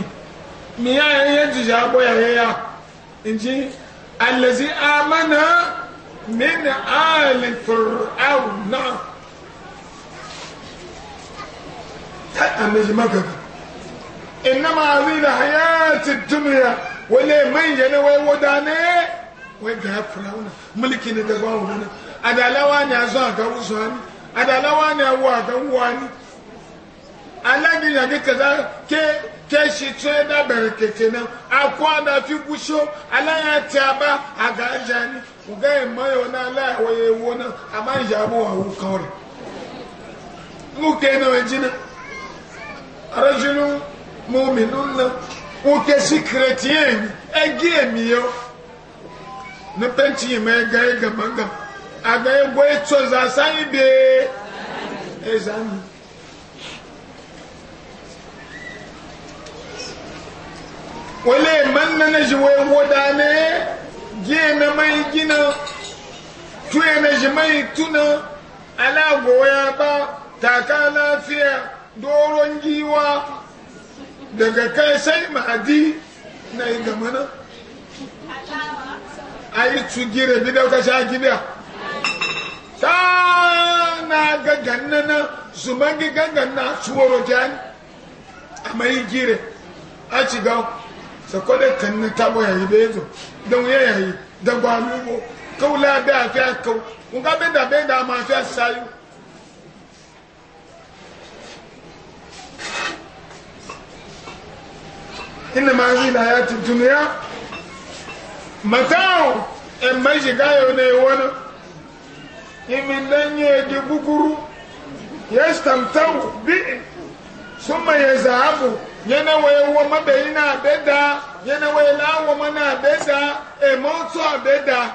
mi yà yẹn yẹn jìjì àbọ̀ yà yẹn yà ǹjì àlẹ́sí àmàna mí nà àlẹ́ fòrò àwùn náà tá àmì yìí má kankan. إنما هذه الحياة الدنيا ولي من ينوي ودانه wanda ya fura wani mulki ne da ba wani adalawa ne a zo a gawu zuwani adalawa ne a wu a gawu wani alagi ya ni kaza ke ke shi tsoye da berekete na akwa da fi gusho alaya ti aba a ga aja ni uga yi mayo na alaya waye wo na a ma ya abu wa wu kan re nuke na waje na arajinu muminun na uke sikireti yi egi emiyo ne pɛnti e yi ma ega ye gama gama aga ye bɔ etso za sanyi bee eza mi. wale man na na ji wai woda ne giye na mai gina tuye na ji mai tuna ala goya ba taka lafiya doron giwa daga kai sai ma'adi na yi gamana ayi tsugire bi dau ta sha gibiya ta na ga gannana zuman gi gangana suworo jan amma yi gire a ci ga sa kole kanni tabo yayi bezo dan ya yayi da gwalubo kaula da afiya kau kun ga benda benda ma afiya sayu إنما هذه الحياة الدنيا matau en mai shiga yau ne wani imin dan ya ji guguru ya stamtau bi sun mai ya zahabu yana waye wa mabayi na beda yana waye lawo mana beda e mautu a beda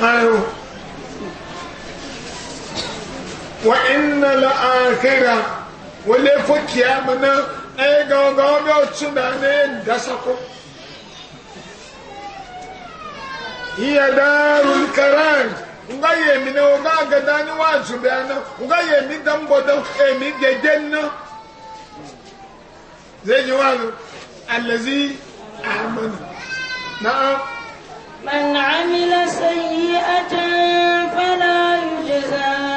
ayo wa inna la'akira wale fukiya mana ai gawagawa tunanin da sako iya darul karar nga yemi na oga agada ni wa zube ana nga yemi dambodo emi gege na zeji wa no allazi amana na'am man amila sayyi'atan fala yujza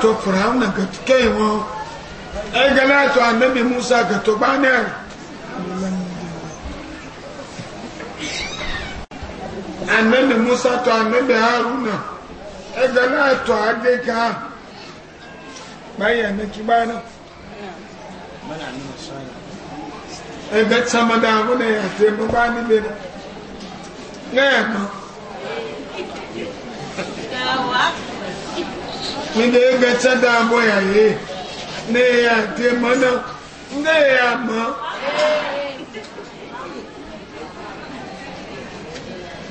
to firawuna ga kai wo ai e gana to annabi musa ga to bana annabi musa to annabi haruna ai e gana to ade ka bayan na kibana ai e ga sama da mu ne ya te mu bani be da wanda ya ga tsada ya ye ne ya de te mana ne ya ma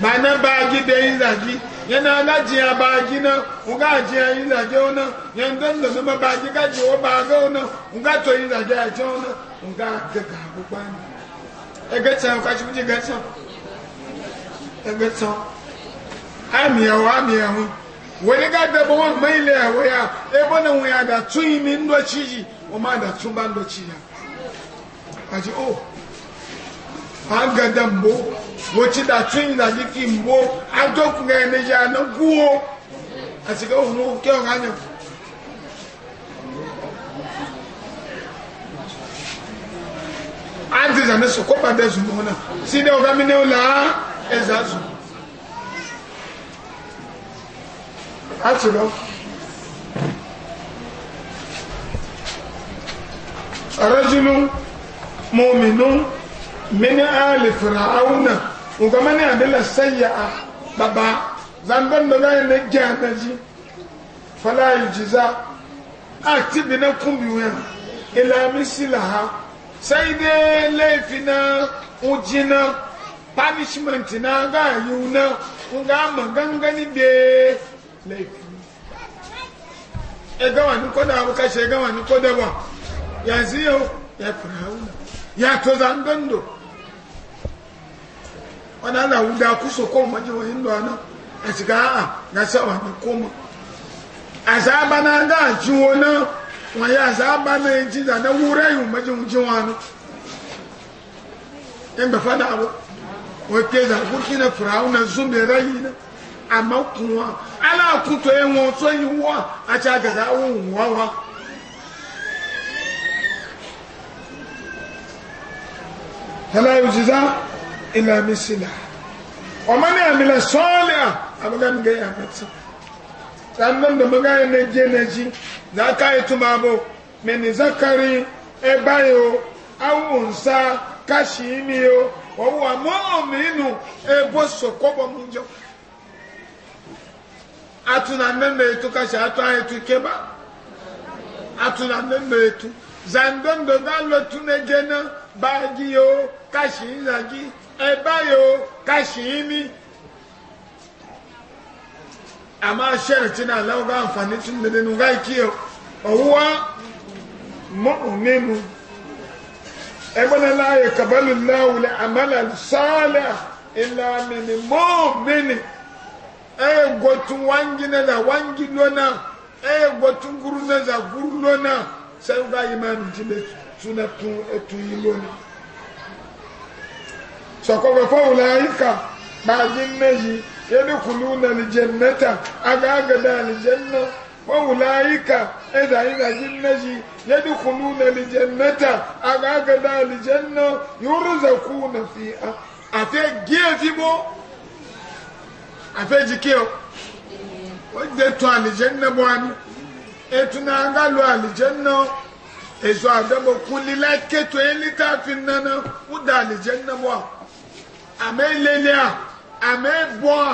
ba na ba gi da yin zagi yana na jiya ba gi na uga jiya yin zagi ona yan don da zama ba gi ga jiwo ba ga ona uga to yin zagi a ce ona uga ga ga abubuwa ne e ga tsan kwashi muje ga tsan e ga tsan amiyawa wani ga da ba wani mai le waya e bana waya da tun yi min doci ji o ma da tun ban doci ya aji o an ga dambo wace da tun yi da jiki mbo an to ku ga ne ja na guwo a shiga ohun kyau hanyar an ti zane su kopa da su mona si da oga mine ola أتلو رجل مؤمن من آل فرعون وكمان يعمل السيئة بابا زنبان بابا ينجي نجي فلا يجزى أكتب نكم يوين إلا مثلها سيدي ليفنا وجنا punishment na ga yiwu na nga magangani bee laifi ya gawa ni ko da abu kashe gawa ni ko da ba ya ziyo ya firauna ya to zandondo wani ana wuda kusa ko maji wa hindu ana a shiga a'a na sawa ni koma azaba na da jiwo na wani azaba na yin jiza na wurayu maji wujewa na in ba fada abu wakil da kuki na firauna zumbe rayu na àmọ́ ala wọn aláàkútó wọn tó yí wọ́n àti àgàdá ohun wọ́n wọn. Tẹ́lá ìjìdá ilẹ̀ mi sílẹ̀. Ọmọ ní àmìlẹ̀ sọ́ọ̀lì à, àbúgámigẹ́ yà mẹ́tì. Sàmúlò ní ọmọgá yẹn ní jẹ́ ní ẹjí. Zaka ìtumọ̀ àbò, mẹ́ni Zakari ẹ báyìí o, awùnsá káṣí ni o, òun àmọ́ ọ̀mìnú ẹ bó sọ̀kọ́ bọ̀ mú jọ atuna mbembe etu kasha atu ayetu keba atuna mbembe etu zandondo galo tunejena baji yo kashi inzagi eba yo kashi imi ama sharti na lawo ga amfani tun da nenu ga kiyo owuwa mu'minu ebana la yakabalu lahu li amala salih illa min mu'minin e eh, gotu wangi na za wangi lona e eh, gotu guru na za guru lona sai ga imam jibe suna tun etu ilona sako ga fa ulaika ba jin naji yadkhuluna aljannata aga aga da aljanna wa ulaika idha e ina jin naji yadkhuluna aljannata aga aga da aljanna yurzakuna fiha afi gefi bo àfẹ́jì kí o ó jẹ́ tún àlìjẹ́ ńnà bọ́ ni ètò náà ń gàlù àlìjẹ́ ńnà èso àdẹ́bọ̀ kún lílá kéto yẹn lítà fi nana ó da àlìjẹ́ ńnà bọ́ àmẹ́ lélẹ̀ à àmẹ́ bọ́ à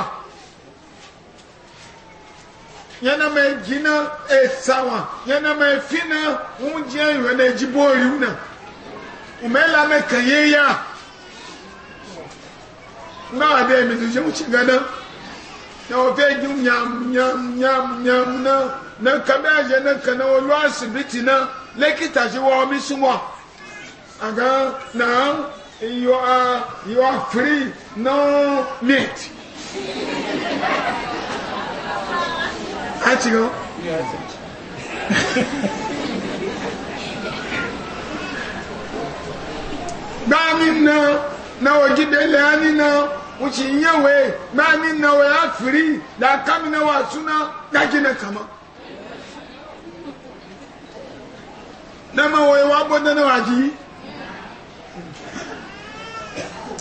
yẹn náà mẹ́ jìnnà èsàwọ̀n yẹn náà mẹ́ fínà ń jẹ́ ìrọ̀lẹ́ ẹ̀jì bóòrì wù náà umela mẹ́ kàn yé yá náà àdé mi ti ṣe ń ṣe na wofe ju nyam nyam nyam nyam na na kabe ayɛ na ka na wɔlɔ asibiti na lekita si wɔ mi sumɔ aga na you are you are free no meat ati go gbaami na na wɔ jide lɛ ani na wuce yi we mani na wa ya firi da kami na wa suna da gina kama na ma wa wa bo na wa ji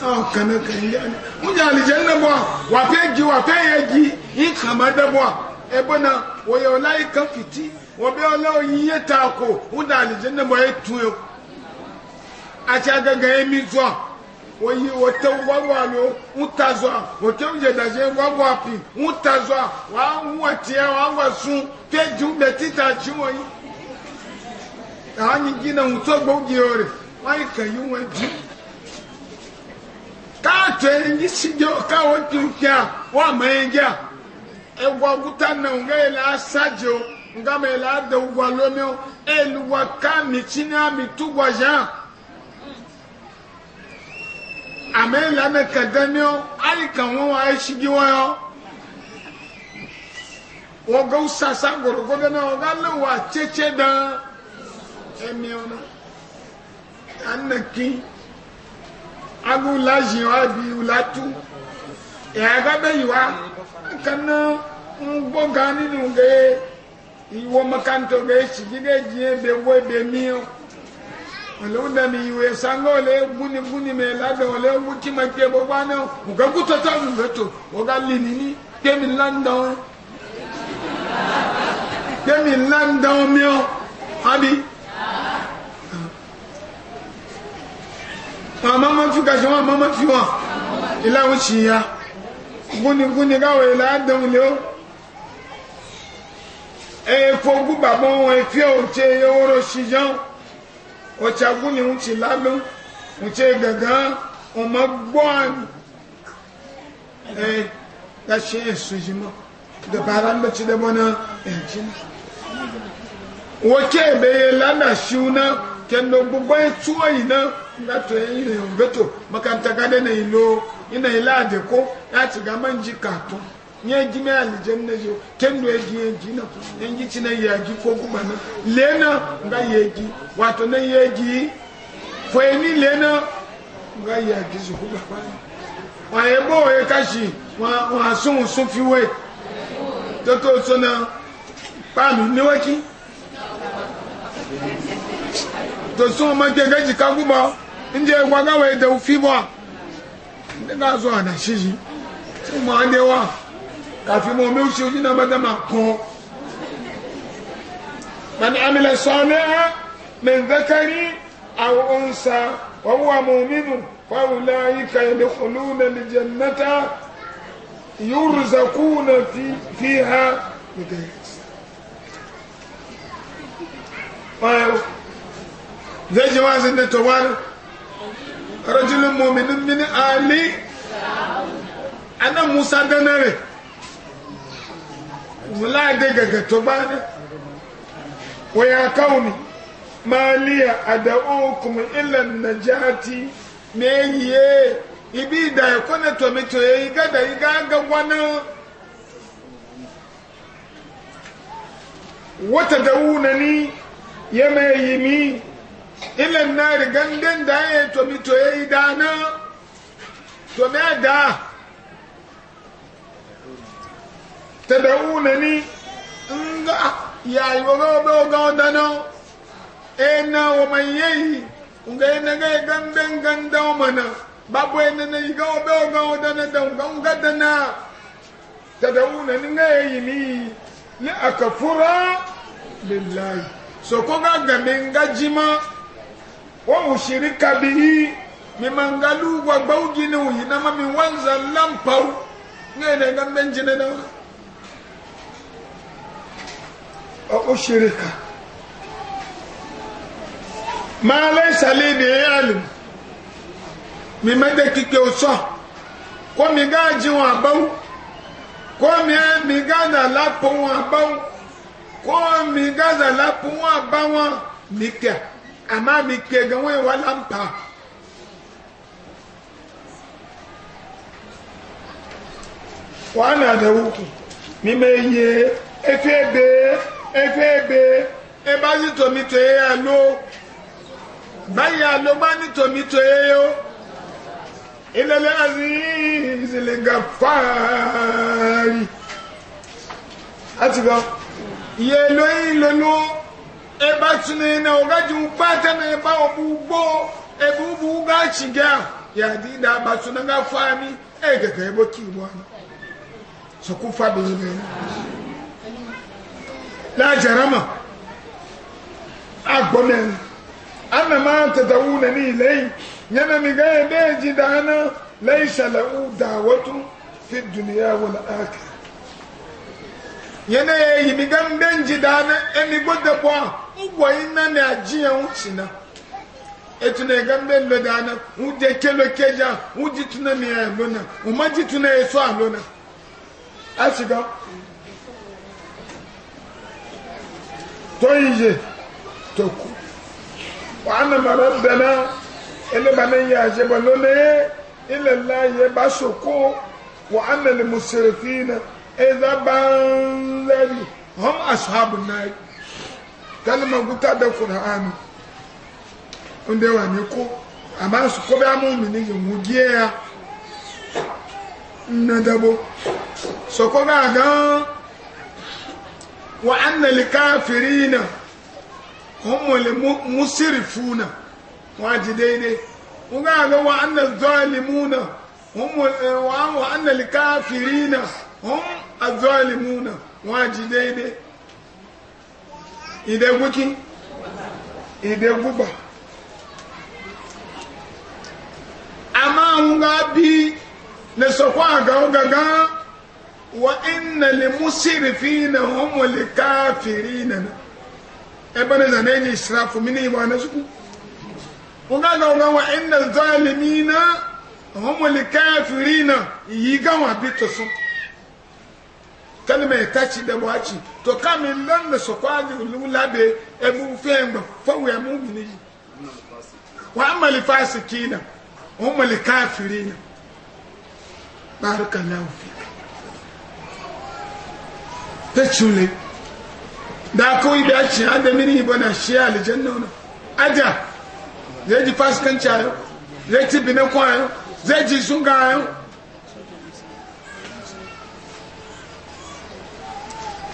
oh kana kan ya mun ya aljanna bo wa pe ji wa pe ya ji yi kama da bo e bo na wo yo lai kan fiti wo be ola yi ya ta ko mun da aljanna bo e tu yo a cha gaga e mi zuwa oyi wote wagwa lo utazwa wote uje daje wagwa pi utazwa wa watia wagwa sun pe jumbe tita chiwo yi ani gina utogbo giore wai kayu waji ka to enji sijo ka woti ukia wa menja e wa gutana ngela sajo ngame la de ugwa lomeo elwa kamichina mitugwa jan la ìlànà kẹ̀kẹ́ ní ọ́ àyíká wọn wà ṣígi wọn yọ. wọ́n gbọ́ sàṣà gbòdògbòdò náà wọ́n gbà lé wà tsetse dán ẹ̀mí wọn náà. anaki agula zi wa bi wula tu yàrá bẹ yi wa kana gan ge ge olóńdà mi ìwé sango lé gúnigúni mi ládà olé wúkí ma ké gbogbo àná nǹkan kú tó táwọn nǹkan abi. màmá ma fi kàṣẹ wọn màmá fi wọn ilé àwọn sì ya gúnigúni káwọn ilé àdán lé o èèfó gún bàbá wọn èèfé òjé ewúro ṣìyàn ọ̀chàgún ni ń ti láló ń eh, ṣe gàngán ọmọ gbọ́n ẹ gàṣẹ èso yìí mọ́ dàbàrà ń bẹ̀tí dẹ́mọ́ náà ẹ̀ jí ní. wọ́n kí ẹ̀bẹ̀yẹ lánàá ṣíw náà kẹ́ńdọ̀ gbogbo ẹ̀ tú ọ̀yìn náà látọ̀ ẹ̀yìn rẹ̀ ń bẹ̀tọ̀ náà ìlò ìnáyìí láàdẹ̀kọ́ láti gàmọ́ ń jí kàtó nye jime alijanna yo tendo ya ji yaji na yanji ci na yaji ko kuma lena nga yaji watu na yaji fweni lena nga yaji su kuma bani wa yebo wa kashi wa sun sun fiwe toto sona panu ni to sun ma gege ji ba, nje gwagawa da ufi ba ndega zo ana shiji sun wa kàfi mọ omi oṣù yìí náà mẹta máa kún mẹni amílẹ sọọni ẹ mẹnzẹkẹri àwọn ọ̀nsà wọ́n wà mọ omi nù fáwọn láàyè kàyẹ̀dẹ̀ kọlu nàlẹ jẹ̀nẹ́ta yurzaku na fi ha nìkan yẹn. zai ji wasu da tawar rajulun mominin mini ali anan musa ganare wulade gagato bana wa ya kauni ma liya ad'ukum ila najati meye ibi da kone to mi to yi gada yi gaga wana wata dauna ni ya mai mi ilan na rigan da ya to mi to yi dana to me da tad'unani nga ya iwoga oga odano ena womayeyi nga ena ga gande ganda omana babu ena na iga oga oga odano da nga nga dana tad'unani nga yini li akafura billahi so ko ga gambe nga jima wa ushirika bihi mimangalu wa gbawgini uyinama mi wanza lampau ngene gambe njine na ó ṣeré kà máa lẹ́sàlẹ̀ ní ẹ̀yàlù mi mẹ́tẹ́ kíkẹ́ ọ̀ṣọ́ kó mi gá jí wọn àbáwò kó mi mi gánà lápò wọn àbáwò kó mi gánà lápò wọn àbáwò mi kẹ́ àmọ́ mi kẹ́ gan wọ́n wà láǹpà. wàhánà àdàwùkù mímẹ́ yẹ efe bẹ́ẹ̀ efe ebe ebe azi tomito ye ya lo bayi ya lo ba ni tomito yo ilẹ̀lẹ̀ azizi le ga faari àti gan iye lóyún lónú eba tuni na ọgájú pátá na eba òbu gbó ebu bu ga ṣìgá yàdí ìdá abatuna ga faami ẹ̀ kẹ̀kẹ́ ebo kì í wọ́n sọkú fábìyí bẹ́ẹ̀. lajarama jarama agbomen anna ma tadawuna ni ilay mi ga ebe ji dana laysa lahu da'watu fi duniya wal akhirah yana yi mi ga mben ji dana emi bo ugbo yi na ajiya uchina etuna ga mben lo dana uje kelo keja uji tuna mi alona umaji tuna asiga toyije toku wàhánà màrà dana ẹlẹ́bàánà yẹ àjẹbọ̀ lónìí ilẹ̀ láàyè ya sòkó soko lè mùsèrèfínà ẹ̀dá bá ń lẹ́rì hàn àṣàbù náà tẹ́lẹ̀mọ̀ gúta dẹ̀ kùrọ̀ hàn ndé wà ní kó ya soko ga wa anna likafirina هم المسرفون واجدين وقال وأن الظالمون هم وأن الكافرين هم الظالمون واجدين إذا بكي إذا ببا أما هم بي نسخوا غوغا وإن للمسرفين هم الكافرين ابن زنين إسراف من إيمان سكو وقال الله وإن الظالمين هم الكافرين يقوى بيتسون kalima ya tashi da waci to kamin nan da su kwaji lulabe ebu fiyan ba fawo ya mumini yi wa amma li fasikina wa amma li kafirina barakallahu fi pechule da ko yi da shi an da mini ba na shi aljanna wannan aja zai ji fasikan cayo zai ci bine kwayo zai ji sun gayo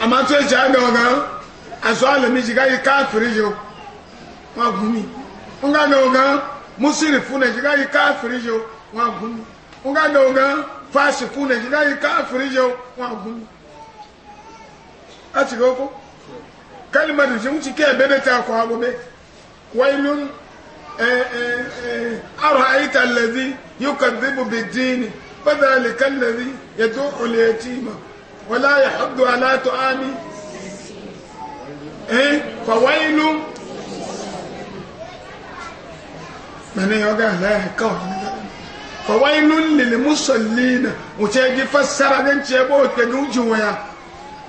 amma to ya ci an gawa gawa a su alami shiga yi kafiri jo wa gumi kun ga gawa gawa musiri funa shiga yi kafiri jo wa gumi kun ga gawa gawa fasi funa shiga yi kafiri jo wa gumi a ci ko kalmar jin ci ke bebe ta ko abu be wailun eh, eh, eh, ara'aita allazi yukadhibu bid-din fadhalika allazi yad'u al-yatima wa la yahuddu ala tu'ami eh fawailu mane yoga la ka fawailun lil musallin wuce gi fassara dan ce bo ke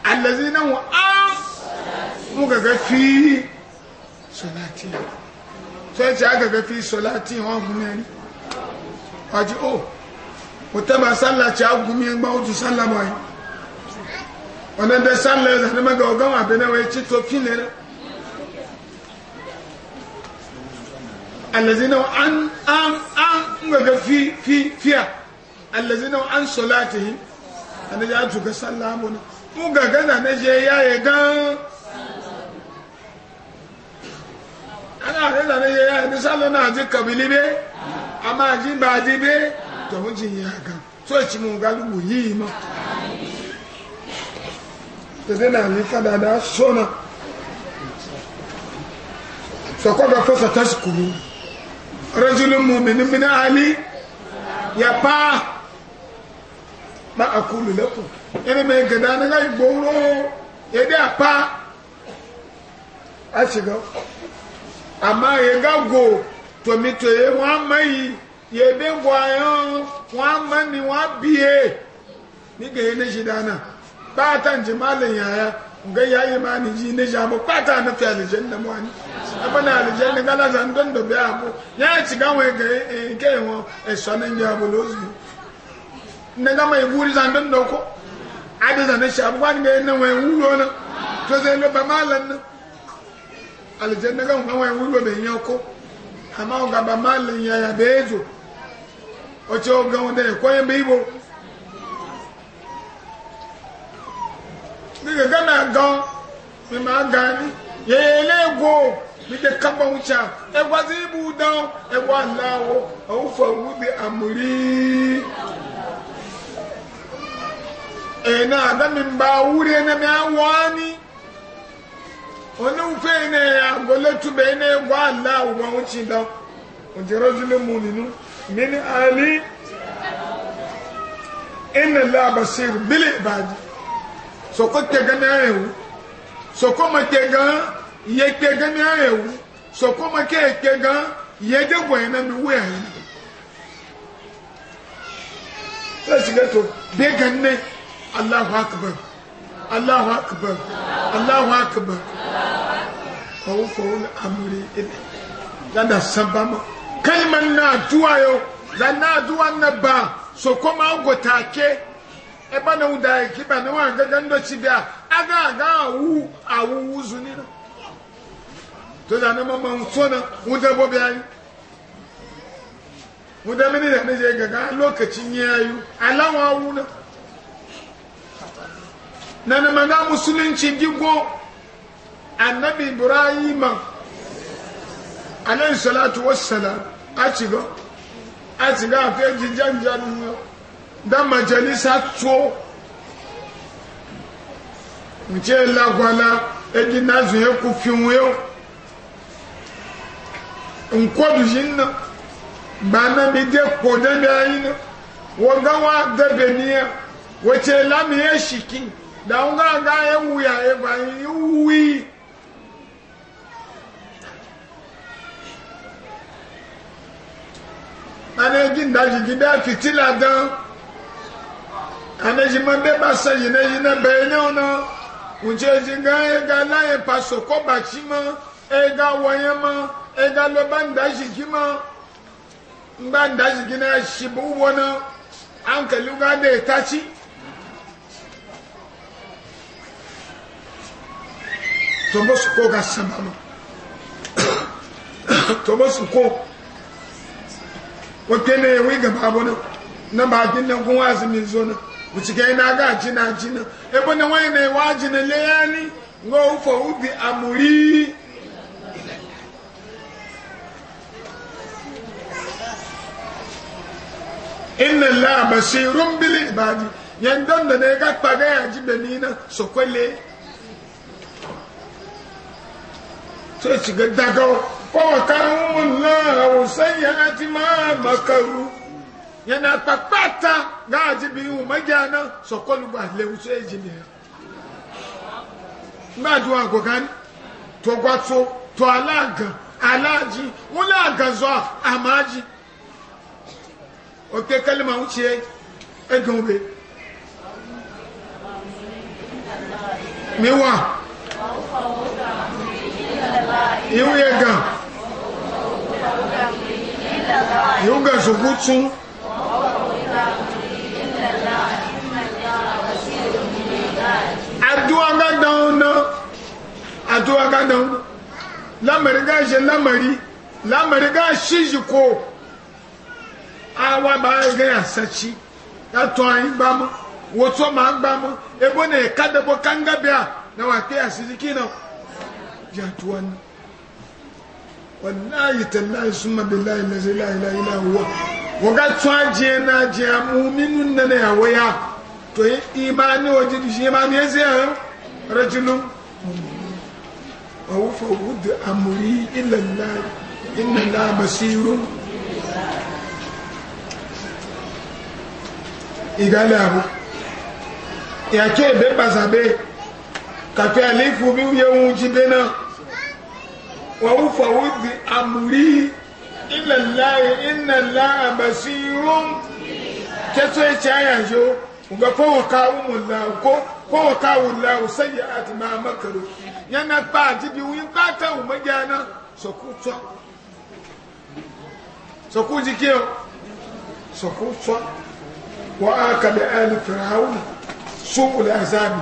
allazi nan wa an muka ga fi solati so yace aka ga fi solati wa gumiyari waji o mutum ba sallah ci a gumiyar ba wuce sallah ba yi wannan da sallah ya zane maga ogan abin na wai ci tofi ne na allazi nan an an an muka ga fi fi fiya allazi nan an solatihi annabi ya tuka sallah mu ne fún gàngán náà méje yá yẹ gán. aláàrẹ náà méje yá yẹ sálọ náà ti kàbílí bẹ́ a máa bá a jí bẹ́ ma yẹ gán tó ìtì mú galùkù yìí mọ́. tètè náà ní kàdàdà sọ́nà sọ̀kọ́dọ̀ fọ́sọ̀ tásìkòrò rẹ́júlù mú pa má a ene mai gada na gai goro ya da fa a shiga amma ya ga go to mi to ye be mayi ya de gwayan wọn mani wọn biye ni ga yi na shi dana ba ta ji malin ya ga yayi ma ni ji ne jamu ba ta na fi alijan da mu ani abana alijan ne gala zan don do be abu ya ci ga we ga ke wọn e so e na nja bu lozu ne ga mai guri e zan don do ko adịza na shi abubuwa ni mai na wani wuro na to zai loba malan na alijan na gan wani wuro mai yau ko amma ga ba malan ya ya bai zo wace ga wanda ya koyan bai bo ni ga gana ga mi ma gani ya yi lego mi e da kaba wuce egwazi ibu don egwa lawo a ufa wudi amuri na adamin ba wuri na mawani wani ufe ina ya gole tube ina ya gwa Allah wa wuce da ujira zulun muninu min ali inna la basir bil ibadi so ko te ga na ewu so ko ma te ga ye te na ewu so ko ma ke te ye de gwa ina mi we ayi so sigato de ga Allahu akbar Allahu akbar Allahu akbar ọwọ́ fọwọ́ ní amúrí ilẹ̀ ládà sábàmọ́ kẹ́lìmọ̀ náà dúwà yó lànà dúwà náà bá sọkọ́ máa ń gòtà ké ẹbá náà wùdà ìkíbà ní wọn àgàgà ń dọ̀tí bíà àgà àgà àwù àwù wùzù nínú tó dà ní mọ́mọ́ ń fọ́nà wùdà bọ́ bí ayé wùdà mí nílẹ̀ níjẹ́ gàgà lókàtí nyẹ́ ayé aláwọ̀ awù náà na manga musulunci gigo annabi ibrahima alayhi salatu wa a ci ga a ci ga ka yi janjan da majalisa to nce lagwala egi na zuye ku finwe nkodu yin na ba na bi de kodan da yi na wa gawa da beniya wace lamiye shikin da nga nga ya wuya ya ba yi wuyi ana ji da ji ji da fitila dan ana ji ma be ba sa yi na yi na be ne ona unje ji ga ya ga la ya pa so ko ba chi ma e ga wo ya ma e ga lo ba nda ji ji ma ngba nda ji ji tomosuko ga sama no tomosuko o wi ga babo no na ba jin na kun wazi min zo no wucike na ga jina jina e ebo na wani na wa jina le yani ngo ufo ubi amuri inna la basirun bil ibadi yandan da ne ga paga ya jibe ni na sokwale sai shiga daga kowa kanumun lahu sayyati ma makaru yana kpakpata gaji biyu magyana sokolu ba lewu sai jiniya ba duwa gogani to gwato to alaga alaji wani aga zuwa amaji oke kalima wuce egan ube mewa iwuye gan iwu gan suku tun aduwa ga dan na aduwa ga dan lamari ga ṣe lamari lamari ga ṣiṣi ko awa ba ga yasaci ya tun gbamu wotu ma gbamu ebo na ikadabo kanga biya na wa ke yasiri kinan jatuwa wallahi tallahi summa billahi lazi la ilaha illa huwa waga tsuwa na je mu'minun na ya waya to imani waje shi ma ya zai rajulun wa wufa wudu amuri illa allah inna allah basirun igala abu yake be bazabe kàtẹ́ àléfò bí yẹ ń jí dé náà wọ́n ń fọwọ́ di àmúrí ìnàláyé ìnàlá àbàsí rún tẹ́tọ́ ẹ̀kí àyànjọ́ nga fọwọ́ká wùmùlá kó fọwọ́ká wùmùlá sẹ́yìn àti máa mẹ́kẹ̀rọ yẹn náà pa àti bí wọ́n bá tẹ̀ wọ́n mẹ́jà náà sọ̀kú tọ́ sọ̀kú jí kí ọ sọ̀kú tọ́ wọ́n á kàdé ẹni fìràwùn sókùlẹ̀ àzámi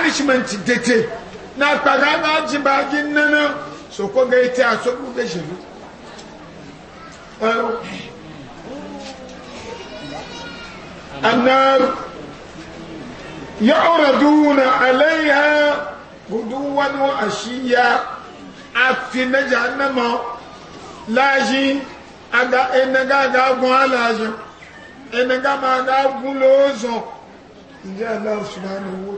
punishment dete na kpaga ba ji ba gi nana so ko ga ite a so ga shiru annar ya'raduna alaiha guduwan wa ashiya afi na jahannama laji aga enaga ga gun alaji enaga ma ga gun lozo ǹjẹ́ Allah subhanahu wa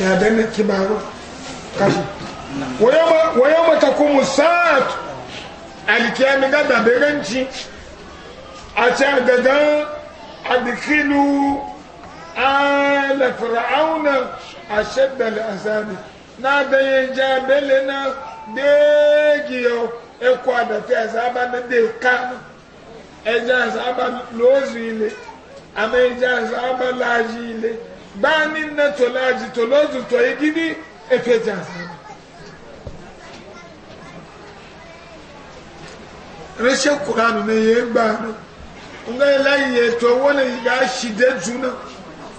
ya danna kibaru kashi wa yawma takumu sa'atu alkiyami ga da beganci a ce gagan adkhilu ala fir'auna ashadda al'azabi na da yin jabele na degiyo ekwa da fi azaba na de kanu eja azaba lozu ile ama eja azaba laji ile gbani na tolaji tolozu to yi gidi efeja rashin kuranu ne ya gba na nga ilayi ya to wani yi ga shi de juna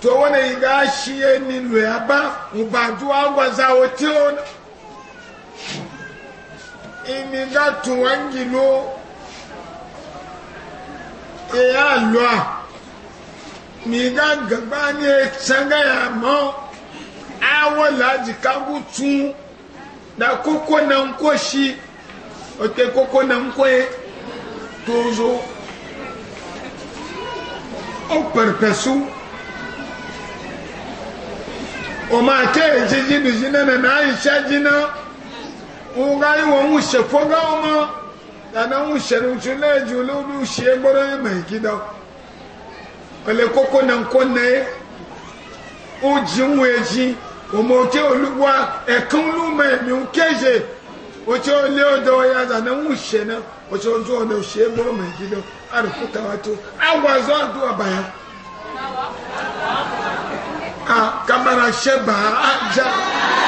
to wani yi ga shi ya nilu ya ba ubadu agwaza o ti ona ini ga tuwangilo e ya lo a miga gaba ne tsanga ya awo laji kagu tun da koko na nko shi oke koko na nko ye tozo o perpesu o ma ke eji jinu jina na na aisha jina o ga yi wa n se foga o ma da na n se rinsu leji ololu se gboro e mai gidan ele koko na nkona ye udzi ŋu edzi ome oke olugboa ekan lume mi nkeze otse ole odo ya zana ŋu se na otse odo ona ose gbɔ ome dzi do arufu kawa to awa zɔ adu abaya a ah, kamara se ba adza. Ah,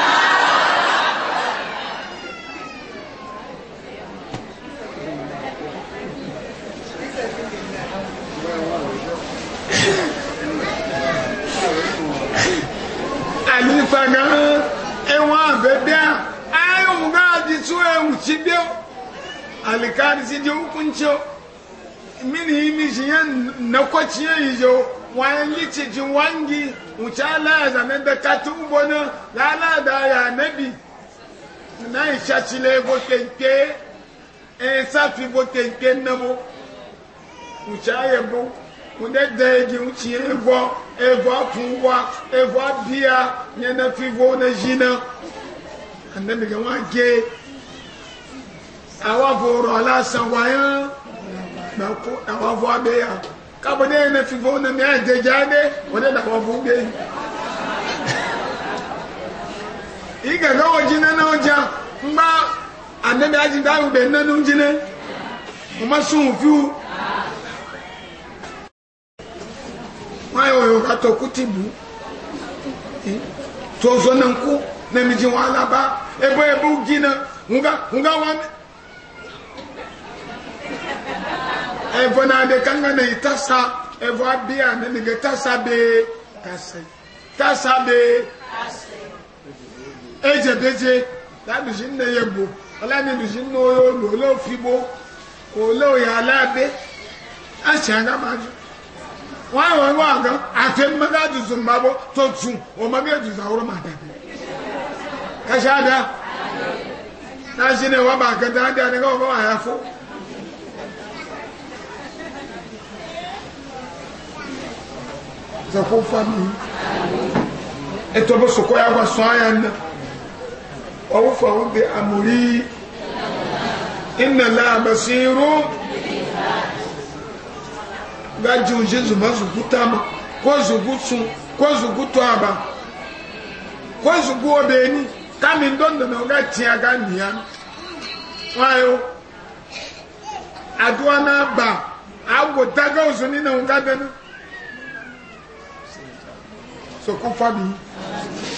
ci yizo wan yi wangi wuce la zame da kati ubonu da ya nabi na isha ci le bo kenke e safi bo kenke nabo wuce ya bo kunde da egi wuce ego ego afuwa ego abiya nye na fivo na jina annabi ga wa ge awa boro alasan wayan na ko awa bo abeya kábọ̀ ní ẹni fífọ́ ní mi àìjẹ jáde wọlé làwọn fún gbé ìgẹ̀gẹ́ na jiná náà jà ń bá àdébí ajídá gbẹ nánú jiná mo má sùn fíw wọn yóò yóò ká tó kú ti bù tó sọ náà kú nẹ́mi jí wọn alábá ebó ebó jiná ń gá wọn. evo na de kanga na itasa evo abia na nige tasa be kase tasa be eje beje da bi jin na yebo ala ni bi jin no yo lo lo fibo ko lo ya labe a changa ma ju wa wa wa ga atem ma ga du zun to tun o ma be ma da wa ba wa ya fo zakó fami ètò bó sòkó yà wá sàn yà nà ọwọ́ fàwọn bẹ àmúrí ìnà làbà sí irú gbájú jésù má zùkú tàmà kó zùkú sùn kó zùkú tó àbà kó zùkú ọbẹ̀ ẹni kámi ndọ́ndọ̀ náà ọ̀gá tiẹ̀ ká nìyà wáyọ̀ àdúrà náà bà àgùntàgà òsùn nínú ọ̀gá bẹ́ẹ̀ náà. Sou com família.